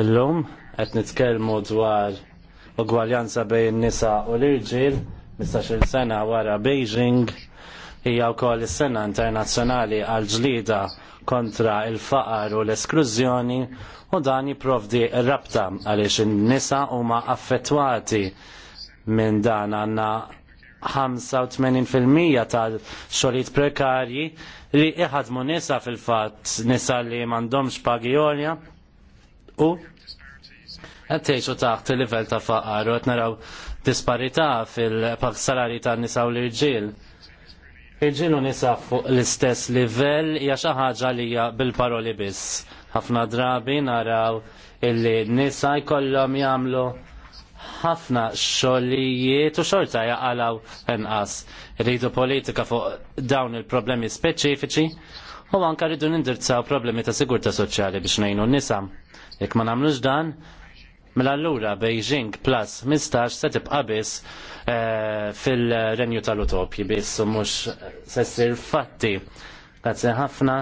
B: Illum qed nitkellmu dwar ugwaljanza bejn nisa u l-irġiel, 15-il sena wara Beijing, hija wkoll is-sena internazzjonali għal ġlida kontra il-faqar u l-esklużjoni u dan jipprovdi rabta għaliex in-nisa huma affettwati minn dan għandna 85% tal-xogħlijiet prekarji li iħadmu nisa fil-fatt nisa li m'għandhomx pagi jolja u qed tgħixu taħt il-livell ta' faqar u qed naraw disparità fil-salari tan-nisa u l-irġiel. ġil u nisa fuq l-istess livell hija xi ħaġa li hija bil-paroli biss. Ħafna drabi naraw il-li nisa jkollhom jagħmlu ħafna xogħlijiet u xorta jaqalaw inqas. Rridu politika fuq dawn il-problemi speċifiċi u anka rridu nindirizzaw problemi ta' sigurta soċjali biex ngħinu n-nisa. Jekk ma nagħmlux dan, mela allura Beijing plus 15 se tibqa' biss eh, fil-renju tal-utopji biss u mhux se ssir fatti. Grazie ħafna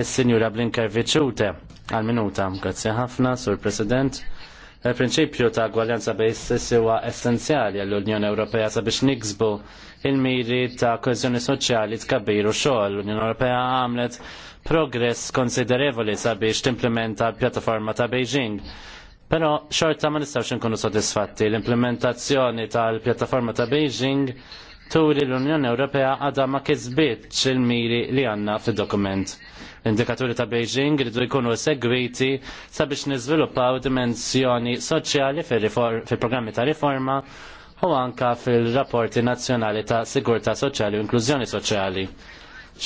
B: is-Sinjura Blinker Viċute għal-minuta. Grazzi ħafna, Sur President. Il-prinċipju ta' gwaljanza bej sessi huwa essenzjali għall-Unjoni Ewropea sabiex niksbu il-miri ta' kohezjoni soċjali tkabbiru xogħol. L-Unjoni Ewropea għamlet progress konsiderevoli sabiex timplementa l-pjattaforma ta' Beijing. Però xorta ma nistgħux inkunu sodisfatti. L-implementazzjoni tal-pjattaforma ta' Beijing turi l-Unjoni Ewropea għadha ma kisbitx il-miri li għandna fid-dokument indikaturi ta' Beijing li jkunu segwiti sabiex niżviluppaw dimensjoni soċjali fil-programmi ta' riforma u anka fil-rapporti nazzjonali ta' sigurtà soċjali u inklużjoni soċjali.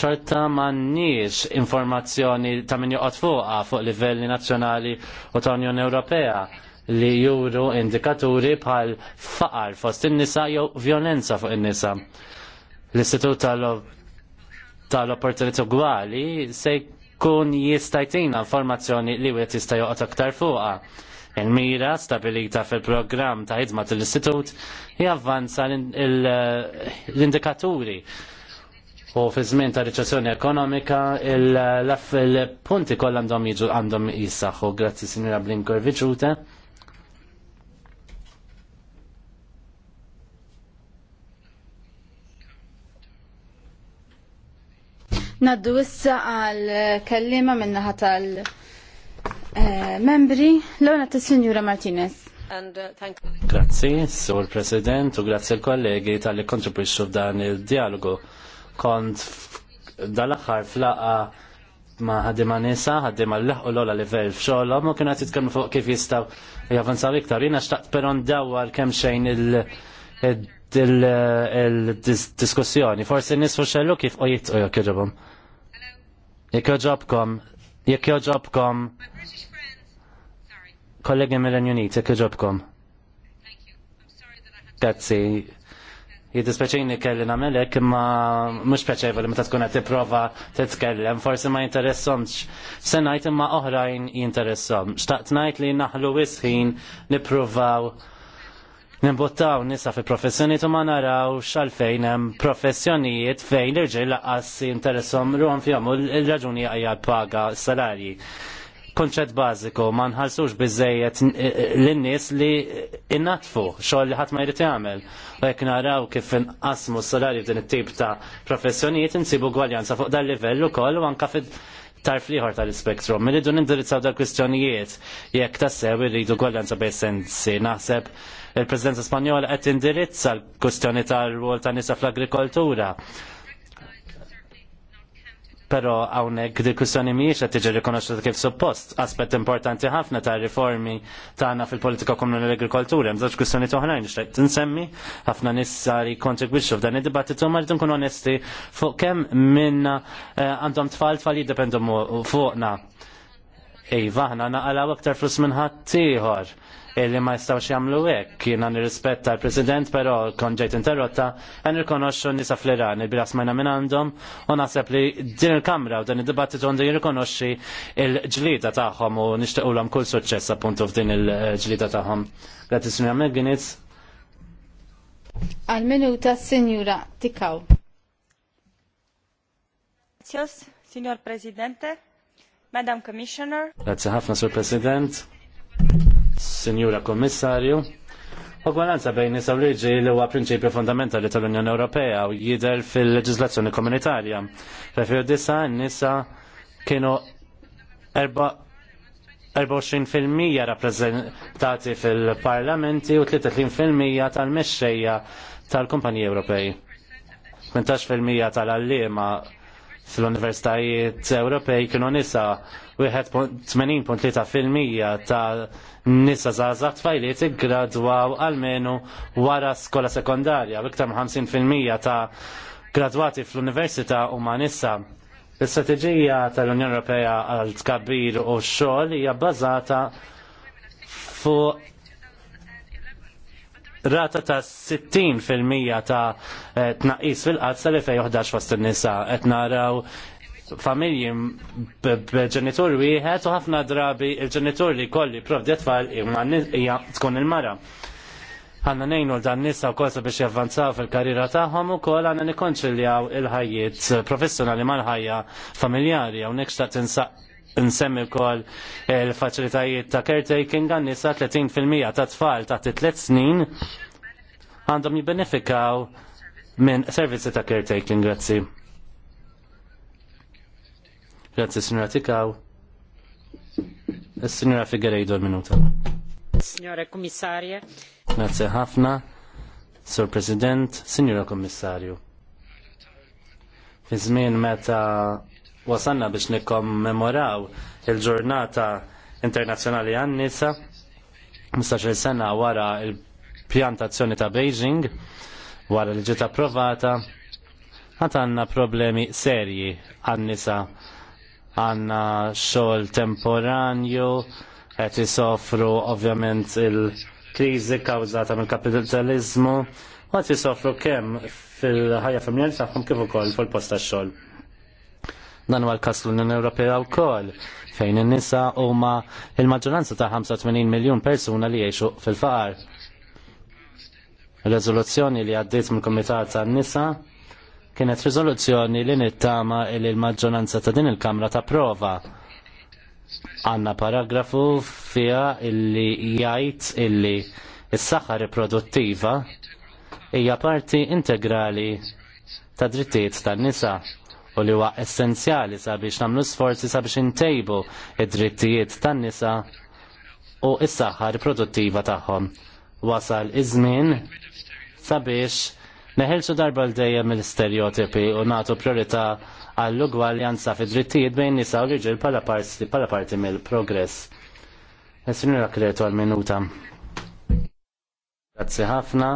B: ċorta m'għandniex informazzjoni ta' min joqgħod fuqha fuq livelli nazzjonali u ta' Unjoni Ewropea li juru indikaturi bħal faqar fost in-nisa jew vjolenza fuq in-nisa. L-Istitut tal tal-opportunità gwali se jkun jistajtina informazzjoni li wieħed jista' joqgħod aktar fuqha. Il-mira stabilita fil-programm ta' ħidma tal-Istitut javvanza l-indikaturi u fi żmien ta' riċessjoni ekonomika il-punti kollha għandhom jiġu għandhom jissaħħu. Grazzi Sinjura Blinkor Viċute.
E: Naddu issa għal kellima minna ħatal eh, membri l għuna ta' Signora Martinez. Uh,
B: grazzi, Sur President, u grazzi l-kollegi tal-li kontribuixxu f'dan il-dialogu. Kont dal-axar flaqa ma ħadima nisa, ħadima l-laħu l għola level f'xolom u t-tkemmu fuq kif jistaw javanzaw iktar. Jina xtaqt peron dawar kemm xejn il- il-diskussjoni. Forse nisfu xellu kif u jitt u jek joġobom. Jek joġobkom, jek joġobkom, kollegi mill-Unit, union jek joġobkom. Grazzi. Jidispeċini kelli namelek, ma mux ma meta tkun prova t-tkellem, forse ma jinteressomx. Se imma oħrajn jinteressom. Xtaqt ngħid li naħlu wisħin nippruvaw nimbottaw nisa fi professjoni tu ma naraw xalfejn hemm professjonijiet fejn l-irġiel laqas interessom ruhom fihom u l-raġuni hija paga salarji. Konċett bażiku ma nħallsux biżejjed e- e- lin-nies li innatfu xogħol li ħadd ma jrid jagħmel. U jekk naraw kif inqasmu s-salarji din it-tip ta' professjonijiet insibu gwaljanza fuq dal livell ukoll u anke tarf liħor tal-spektrum. Miridu nindirizzaw dal kwistjonijiet jekk tassew irridu gwaljanza bej sensi naħseb il-Presidenza Spanjola qed indirizza l-kustjoni tal-rwol ta' nisa fl-agrikoltura. Però hawnhekk di kwistjoni mhijiex qed tiġi rikonoxxuta kif suppost. Aspett importanti ħafna ta' riformi tagħna fil-politika komuni l-agrikoltura. Mżewġ kustjoni oħrajn nixtieq tinsemmi ħafna nies sar jikkontribwixxu f'dan id-dibattitu ma rrid nkun onesti fuq kemm minn eh, għandhom tfal tfal jiddependu fuqna. Iva, ħna naqalaw aktar flus minn ħaddieħor illi ma jistawx jagħmlu hekk. Jiena nirrispetta l-President, però kon ġejt interrotta, qed nirkonoxxu nisa fl-Iran, il smajna minn għandhom, u naħseb li din il-Kamra u dan id-dibattitu għandu jirrikonoxxi l ġlida tagħhom u nixtequlhom kull suċċess appuntu f'din il-ġlida tagħhom. Grazzi Sinjura Megginitz.
E: Għal-minuta Sinjura Tikaw.
C: Signor Presidente, Madam Commissioner.
B: Grazie ħafna, Sur President, Signora Kommissarju. Ogwalanza bejn nisa u liġi li huwa prinċipju fundamentali tal-Unjoni Ewropea u jidher fil-leġislazzjoni komunitarja. Fefju disa nisa kienu 24% rappreżentati fil-parlamenti u 33% tal-mexxejja tal-kumpaniji Ewropej. 18% tal-allima fl universitajiet Ewropej kienu nisa 80.3% ta' nisa zazak tfajliet iggradwaw għalmenu wara skola sekondarja, iktar 50% ta' gradwati fl-Università huma nisa. L-istrateġija tal-Unjoni Ewropea għal tkabbir u x-xogħol hija bbażata fuq rata ta' 60% ta' eh, tnaqis fil-qatt sal-2011 fost in-nisa Et naraw familji b'ġenitur wieħed u ħafna drabi il-ġenitur li kolli provdi tfal hija tkun il-mara. Għanna nejnu dan nisa u kosa biex javvanzaw fil-karriera tagħhom ukoll għanna nikkonċiljaw il-ħajjiet professjonali mal-ħajja familjari hawnhekk xtaqt insaq nsemmi wkoll il-faċilitajiet eh, ta' caretaking għan nisa 30% ta' tfal ta' t-tlet snin għandhom jibbenefikaw minn servizzi ta' caretaking, grazzi. Grazzi, signora Tikaw. Signora Figueiredo, minuta. Signora Kommissarje. Grazzi ħafna. Sur President, Signora Kommissarju. Fi żmien meta wasanna biex nikkommemoraw il-ġurnata internazzjonali għannisa, nisa 15 sena wara il-pjantazzjoni ta' Beijing wara li ġiet approvata ħat għandna problemi serji għan-nisa għandna xogħol temporanju qed isofru ovvjament il-kriżi kawzata mill-kapitalizmu u qed isofru kemm fil-ħajja familjar tagħhom kif ukoll fil-posta post tax-xogħol Dan huwa l-każ l-Unjoni Ewropea wkoll fejn in-nisa huma il-maġġoranza ta' 85 miljun persuna li jgħixu fil-faqar. Rezoluzzjoni li għaddiet mill-Kumitat tan-nisa kienet riżoluzzjoni li nittama li l-maġġoranza ta' din il-Kamra ta' prova għanna paragrafu fija illi jgħid illi s-saħħa riproduttiva hija parti integrali ta' drittijiet tan-nisa u li huwa essenzjali sabiex nagħmlu sforzi sabiex intejbu id-drittijiet tan-nisa u s-saħħa riproduttiva tagħhom. Wasal iż-żmien sabiex neħelsu darba l dejjem mill-stereotipi u nagħtu priorità għall-ugwaljanza fi drittijiet bejn nisa u l bħala pala parti mill-progress. l eh, rakretu għal-minuta. Grazzi ħafna.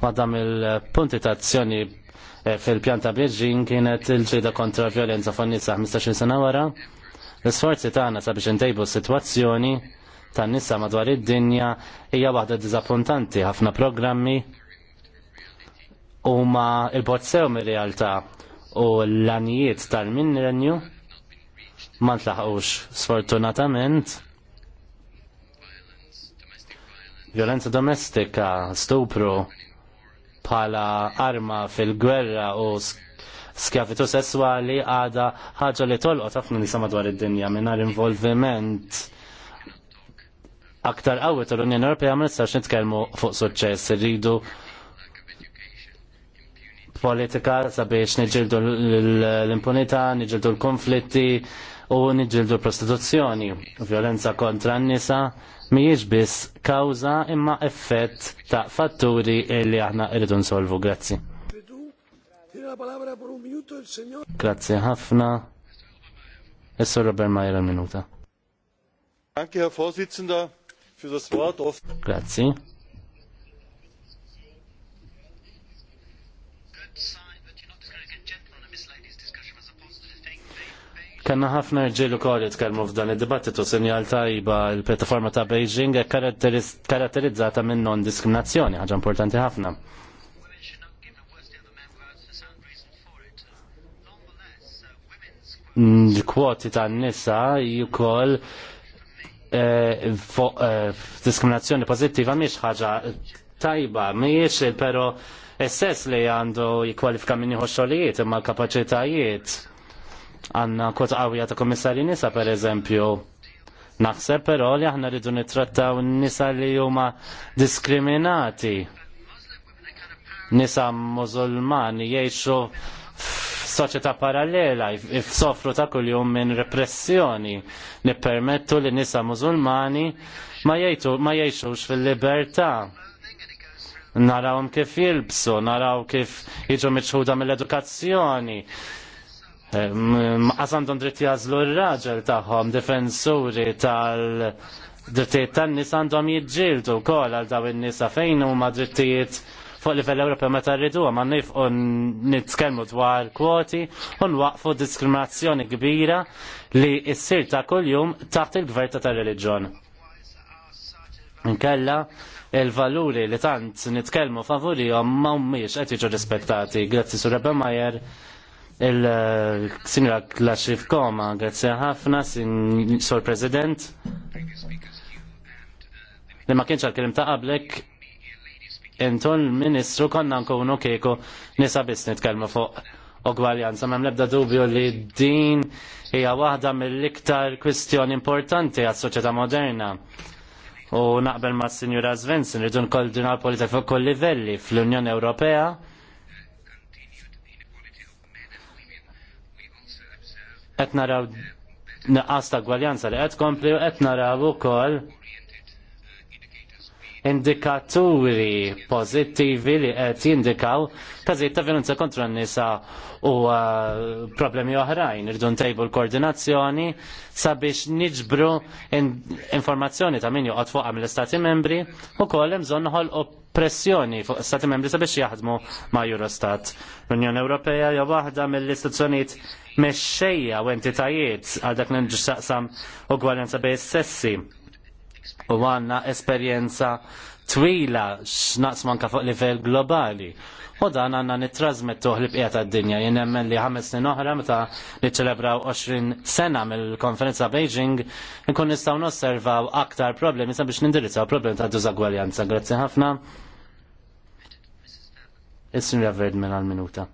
B: Madam il punti ta' azzjoni eh, fil-pjanta Beijing kienet il ġida kontra violenza fan nisa 15 sena wara. L-isforzi tagħna sabiex intejbu s-sitwazzjoni tan nisa madwar id-dinja hija waħda diżappuntanti ħafna programmi huma il bozzew mir-realtà u l-anijiet tal-minrenju ma ntlaħqux sfortunatament. Violenza domestika, stupru, bħala arma fil-gwerra u skjavitu sessuali għada ħaġa li tolqot ħafna nisa madwar id-dinja mingħajr involviment aktar għawet l unjoni Ewropea ma nistax nitkellmu fuq suċċess irridu politika sabiex niġildu l-impunità, niġildu l-konflitti, u niġġieldu prostituzzjoni. u Violenza kontra n-nisa mhijiex bis kawza imma effett ta' fatturi li aħna irridu nsolvu. Grazzi. Grazzi ħafna. Is-Sur Robert Majer minuta. Danke, Herr Vorsitzender, für das Wort. Grazie. Kanna ħafna rġilu kol jitkellmu f'dan id-dibattitu sinjal tajba l-pjattaforma ta' Beijing karatterizzata minn non-diskriminazzjoni, ħaġa importanti ħafna. Mm, l-kwoti ta' nisa jukol eh, eh, diskriminazzjoni pozittiva miex ħaġa tajba, miex il-pero essess li għandu jikwalifika minn jħoċolijiet imma kapacitajiet Għanna kot qawwija ta' komissari nisa per eżempju. Naħseb però li aħna rridu nittrattaw nisa li huma diskriminati. Nisa mużulmani jgħixu f'soċjetà parallela, soffru ta' kuljum minn repressjoni nippermettu li nisa mużulmani ma jgħixux fil-libertà. Narawhom kif jilbsu, naraw kif jiġu miċħuda mill-edukazzjoni, Ehm, Maqas għandhom dritt jażlu r-raġel tagħhom difensuri tal- drittijiet tan-nies għandhom jiġġieldu wkoll għal dawn in-nisa fejn huma drittijiet fuq livell Ewropew meta rridu ma nifqu nitkellmu dwar kwoti u nwaqfu diskriminazzjoni kbira li ssir ta' kuljum taħt il-gvern ta' reliġjon. Nkella il-valuri li tant nitkellmu favorihom ma mhumiex qed jiġu rispettati. Grazzi Sur Majer il sinjura Klaxif Koma, grazie ħafna, sor President. Li ma kienx għal-kelim ta' qablek, l ministru konna nkunu kieku nisa biss nitkellmu fuq ogwaljanza. Mem lebda dubju li din hija waħda mill-iktar kwistjoni importanti għas-soċjetà moderna. U naqbel ma' Sinjura Svensson, rridu koordinar l-politika fuq kull livelli fl-Unjoni Ewropea etnaraw naqas ta' gwaljanza li qed kompli u qed naraw ukoll indikaturi pozittivi li qed jindikaw każijiet ta' violenza kontra n-nisa u uh, problemi oħrajn. Irdu ntejbu l-koordinazzjoni sabiex niġbru informazzjoni ta' min joqgħod fuqha mill-Istati membri u hemm bżonn noħolqu pressjoni fuq Stati membri sabiex jaħdmu ma' Eurostat. L-Unjoni Ewropea jew waħda mill-istituzzjonijiet mexxejja u entitajiet għal dak li u ugwaljanza bejn sessi u għanna esperjenza twila x'naqs manka fuq livell globali. U dan għanna nittrażmettuh li bqija tad-dinja jien hemmen li ħames snin oħra meta niċċelebraw 20 sena mill-konferenza Beijing nkun nistgħu nosservaw aktar problemi sabiex nindirizzaw problemi ta' dużagwaljanza. Grazzi ħafna. Is-sinja minn għal-minuta.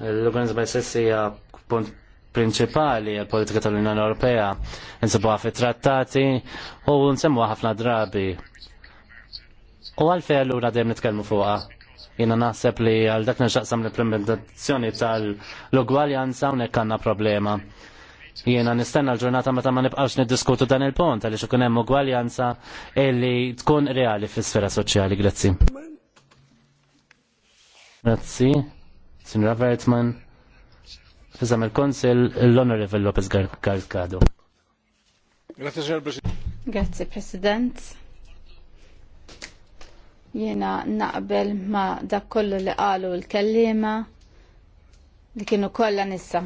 B: L-organizma jessessija punt prinċipali għal politika tal-Unjoni Ewropea nsibuha fit-trattati u nsemmu ħafna drabi. U għalfej allura dejjem nitkellmu fuqha. Jiena naħseb li għal dak nixaqsam l-implementazzjoni tal-ugwaljanza hawnhekk għandna problema. Jiena nistenna l-ġurnata meta ma nibqax niddiskutu dan il-pont għaliex ikun hemm ugwaljanza li tkun reali fis-sfera soċjali. Grazzi. Grazzi. Sinra Vertman, fizam il-Konsil, l-Honorable Lopez Garcado. Grazie, Sr. President.
E: Grazie, President. Jena naqbel ma dak kollu li qalu l-kellima li kienu kollha nissa.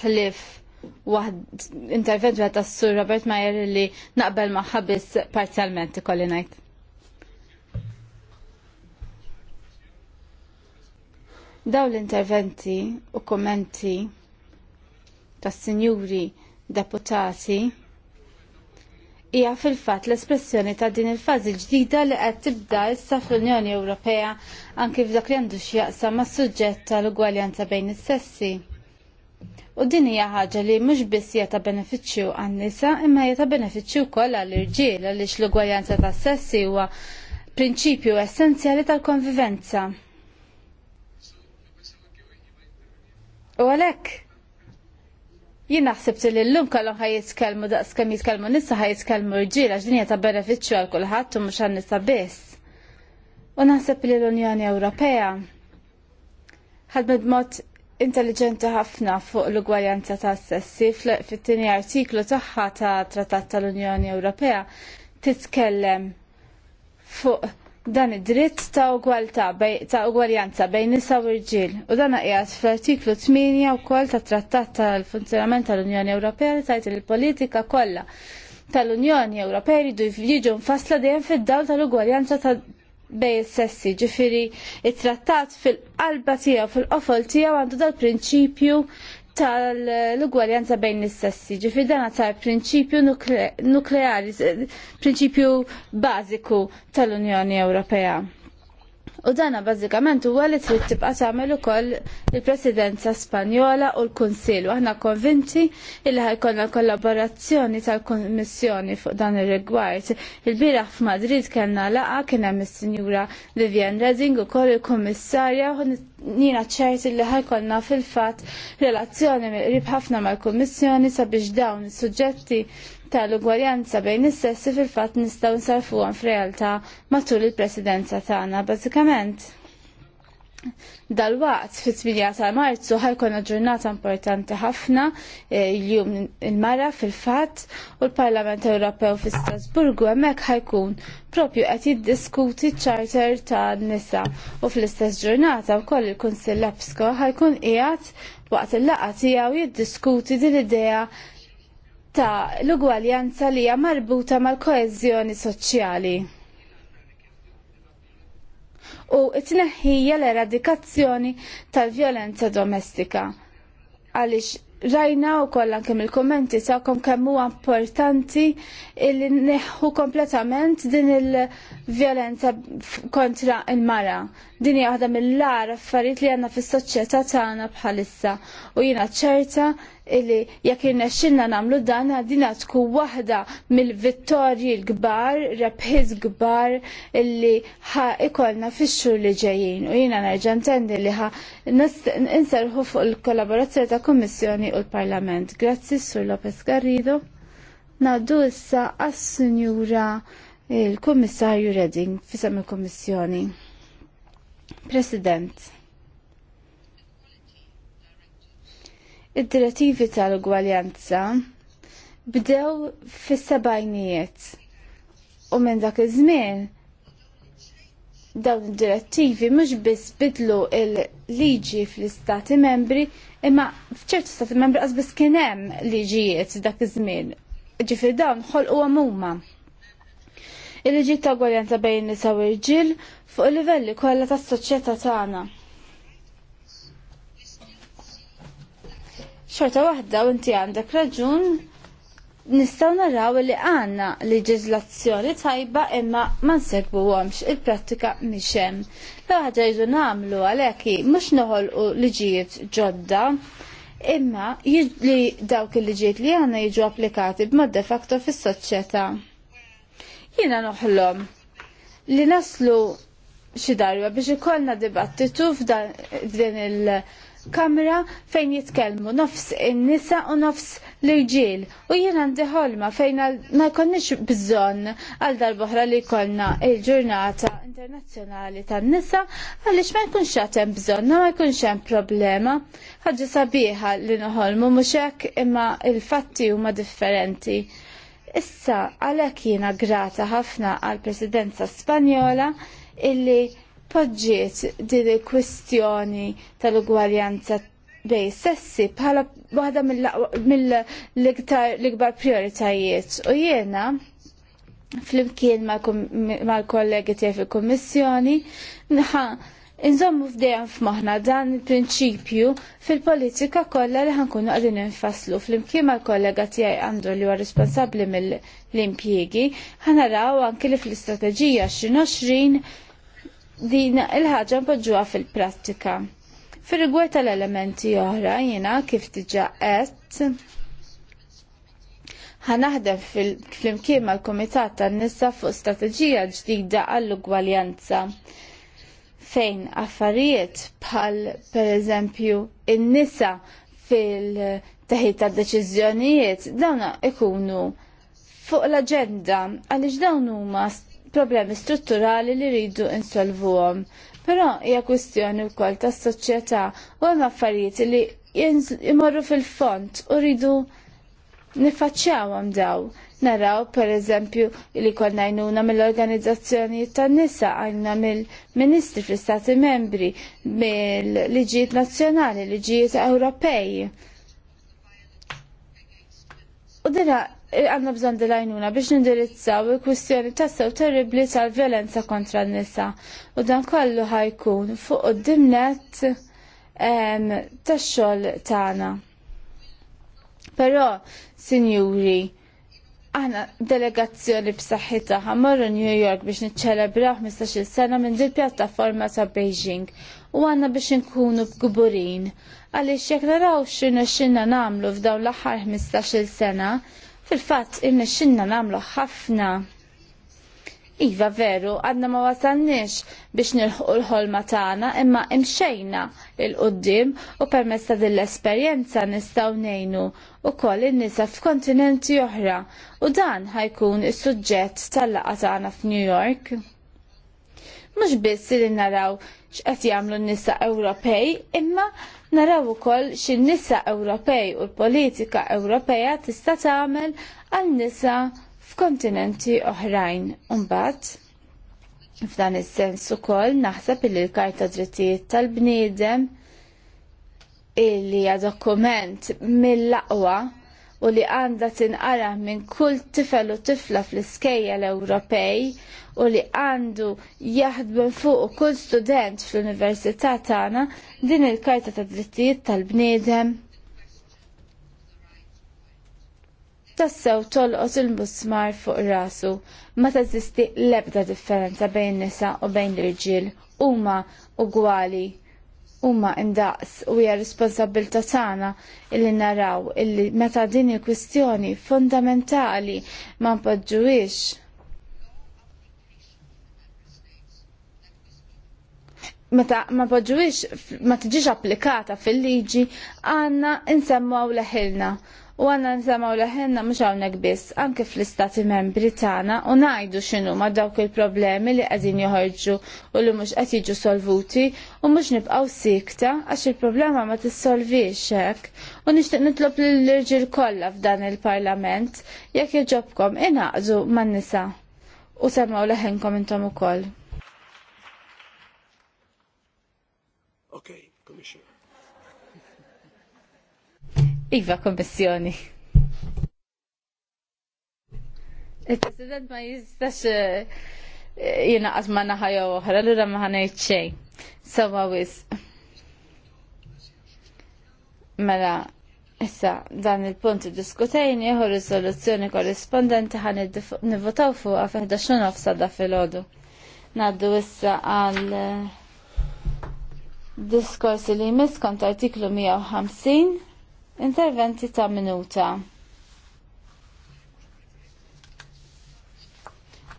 E: Ħlif waħd intervent ta' Sur Robert Mayer li naqbel ma' ħabis parzjalment ikolli ngħid. Daw l-interventi u kommenti tas sinjuri deputati hija fil-fatt l-espressjoni ta' din il-fażi ġdida li qed tibda issa fl-Unjoni Ewropea anke f'dak li għandu x'jaqsam mas-suġġett tal-ugwaljanza bejn is-sessi. U din hija ħaġa li mhux biss hija ta' benefiċċju għan-nisa imma hija ta' benefiċċju wkoll għall-irġiel għaliex l-ugwaljanza tas-sessi huwa prinċipju essenzjali tal-konvivenza. U għalhekk jien naħseb li llum kellhom ħaj jitkellmu daqs kemm jitkellmu nisa ħaj jitkellmu rġiel għax din hija ta' benefiċċju għal kulħadd u mhux għan-nisa biss. U naħseb li l-Unjoni Ewropea ħadmet mod intelligenti ħafna fuq l-ugwaljanza ta' sessi fit-tieni artiklu tagħha ta' Trattat tal-Unjoni Ewropea titkellem fuq dan id-dritt ta' ugwalta ta' ugwaljanza bejn nisa u rġil u dan qiegħed fl-artiklu 8 wkoll tat Trattat tal-Funzjonament tal-Unjoni Ewropea li tajt il-politika kollha tal-Unjoni Ewropea jridu jiġu mfassla dejjem fid-dawl tal-ugwaljanza ta' bej sessi ġifieri it-trattat fil-qalba tiegħu fil-qofol tiegħu għandu dal-prinċipju tal-ugwaljanza bejn is-sessi. Ġifi dan sar prinċipju nukleari, prinċipju bażiku tal-Unjoni Ewropea. U dana bażikament huwa li trid tibqa' tagħmel ukoll il-Presidenza Spanjola u l-Kunsill. Aħna konvinti li ħajkollna kollaborazzjoni tal-Kummissjoni fuq dan ir-rigward. Il-bieraħ f'Madrid kellna laqa kien hemm is-Sinjura Vivian Redding ukoll il-Kummissarja u nina ċerti li ħajkonna fil-fat relazzjoni ribħafna mal-Kommissjoni sabiex dawn is-suġġetti tal-ugwarjanza bejn is-sessi fil-fat nistgħu nsarfuhom f'realtà matul il-presidenza tagħna bażikament. Dal-waqt fit-8 ta' marzu ħajkonna ġurnata importanti ħafna eh, il-jum il-mara fil-fat u l-Parlament Ewropew fi Strasburgu hemmhekk ħajkun propju qed jiddiskuti ċarter ta' nisa u fl-istess ġurnata wkoll il-Kunsill Epsko ħajkun qiegħed waqt il-laqgħa tiegħu jiddiskuti din idea ta' l-ugwaljanza li hija marbuta mal koezjoni soċjali u t-tneħħija l-eradikazzjoni tal-vjolenza domestika. Għaliex rajna u kollan kem il-kommenti sa' kemm kemmu importanti li neħu kompletament din il-vjolenza kontra il-mara. Din għada waħda mill lar affarijiet li għandna fis-soċjetà tagħna bħalissa u jiena ċerta li jekk irnexxinna nagħmlu dan din tkun waħda mill-vittorji l-kbar, rebħiż kbar illi ħa ikolna fix-xhur li ġejjin u jiena nerġa' ntendi li ħa inserħu fuq il-kollaborazzjoni ta' Kummissjoni u l-Parlament. Grazzi Sur Lopez Garrido. Naddu issa għas-Sinjura il-Kummissarju Redding fisem il-Kummissjoni. President. Id-direttivi tal-ugwaljanza bdew fis-sebajnijiet u minn dak iż-żmien dawn id-direttivi mhux biss bidlu il-liġi fl-istati membri, imma f'ċertu stati membri qas biss kien hemm liġijiet dak iż-żmien. Ġifier dawn ħolqu huma. Il-liġi ta' gwarjanza bejn nisa u fuq il-livelli kollha tas-soċjetà tagħna. Xorta waħda u inti għandek raġun nistgħu naraw li għandna leġizlazzjoni tajba imma ma għomx il-prattika mhix hemm. l jizu namlu nagħmlu għalhekk mhux u liġijiet ġodda imma li dawk il-liġijiet li għandna jiġu applikati b'mod de facto fis-soċjetà. Jiena noħlom li naslu xi darba biex ikollna dibattitu f'din il-kamra fejn jitkellmu nofs in-nisa u nofs l-irġiel. U jien għandi ħolma fejn ma jkollniex bżonn għal darb'oħra li jkollna il-ġurnata internazzjonali tan-nisa għaliex ma jkunx għad hemm bżonn, ma jkunx hemm problema. Ħaġa sabiħa li noħolmu mhux hekk imma l fatti huma differenti. Issa għalhekk jiena grata ħafna għall-Presidenza Spanjola illi poġġiet din il-kwistjoni tal-ugwaljanza bej sessi bħala waħda mill-ikbar prioritajiet u jiena fl-imkien mal-kollegi tiegħi fil-Kummissjoni nħa Inżommu f'dejjem f'moħħna dan il-prinċipju fil-politika kollha li ħankunu qegħdin infasslu fl-imkien mal-kollega tiegħi għandu li huwa responsabbli mill-impjiegi ħanaraw anke li fl-istrateġija 2020 din il-ħaġa mpoġġuha fil-prattika. Fir-rigward tal-elementi oħra jiena kif diġà qed ħanaħdem fil-imkien mal-Kumitat tan-Nisa fuq strateġija ġdida għall-ugwaljanza fejn affarijiet bħal pereżempju in-nisa fil-teħid ta' deċiżjonijiet dawna ikunu fuq l-aġenda għaliex dawn huma problemi strutturali li rridu insolvuhom. Però hija kwistjoni wkoll tas-soċjetà u hemm affarijiet li imorru fil-font u rridu nifaċċawhom daw. Naraw per eżempju li konna jnuna mill-organizzazzjoni tan nisa għajna mill-ministri fl istati membri, mill-liġijiet nazjonali, liġijiet Ewropej. U dira Eh, għanna bżon għajnuna biex nindirizzaw il-kwistjoni sew terribli tal-violenza kontra n-nisa. U dan kollu ħajkun fuq u dimnet tax-xogħol tagħna. Però, sinjuri, aħna delegazzjoni b'saħħitha ħammorru New York biex niċċelebraw 15-il sena minn dil pjattaforma ta' Beijing u għanna biex nkunu b'gburin. Għaliex jekk naraw x'inhu x'inna nagħmlu f'dawn l-aħħar 15-il sena, Fil-fatt xinna namlu ħafna Iva veru, għadna ma wasalniex biex nilħu l-ħolma tagħna imma imxejna il qoddim u permezz ta' din l-esperjenza nistgħu ngħinu wkoll in-nisa f'kontinenti oħra u dan ħajkun is-suġġett tal-laqgħa tagħna f'New York mhux biss li naraw x'qed jagħmlu n-nisa Ewropej, imma naraw ukoll x'in-nisa Ewropej u l-politika Ewropea tista' tagħmel għan-nisa f'kontinenti oħrajn. Imbagħad f'dan is-sens ukoll naħseb li l-Karta Drittijiet tal-Bniedem illi hija dokument mill-aqwa u li għandha tinqara minn kull tifel u tifla fl l Ewropej u li għandu jaħdmu fuq kull student fl-Università tagħna din il-Karta ta' Drittijiet tal-Bniedem. tassew tolqot il-musmar fuq rasu ma tażisti l-ebda differenza bejn nisa u bejn l-irġiel huma ugwali huma indaqs u hija responsabilta tagħna illi naraw illi meta din il-kwistjoni fundamentali ma npoġġuwiex meta ma poġġuwix ma tiġix applikata fil-liġi għandna insemmu leħilna U għanna nżamaw leħenna mux għawnek biss, anke fl-istati membri tana, u najdu xinu ma dawk il-problemi li għazin joħorġu u li mux għatiġu solvuti, u mux nibqaw sikta, għax il-problema ma t solvi hekk. U nishtiq nitlob l-irġil kollha f'dan il-parlament, jekk jġobkom inaqdu man nisa u semmaw leħenkom intom ukoll. Okay. Iva kommissjoni. Il-President ma jistax eh, jina għazma naħajo uħra, l-ura ma jċej. Sawa wis. Mela, issa, dan il-punt diskutejn jieħu risoluzzjoni korrispondenti ħan nivotaw fu għaf 11 nofsada fil-ħodu. Naddu issa għal eh, diskorsi li jmiss kont artiklu 150 Interventi ta' minuta.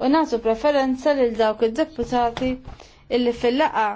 E: U nagħtu preferenza lil dawk id-deputati illi fil-laqa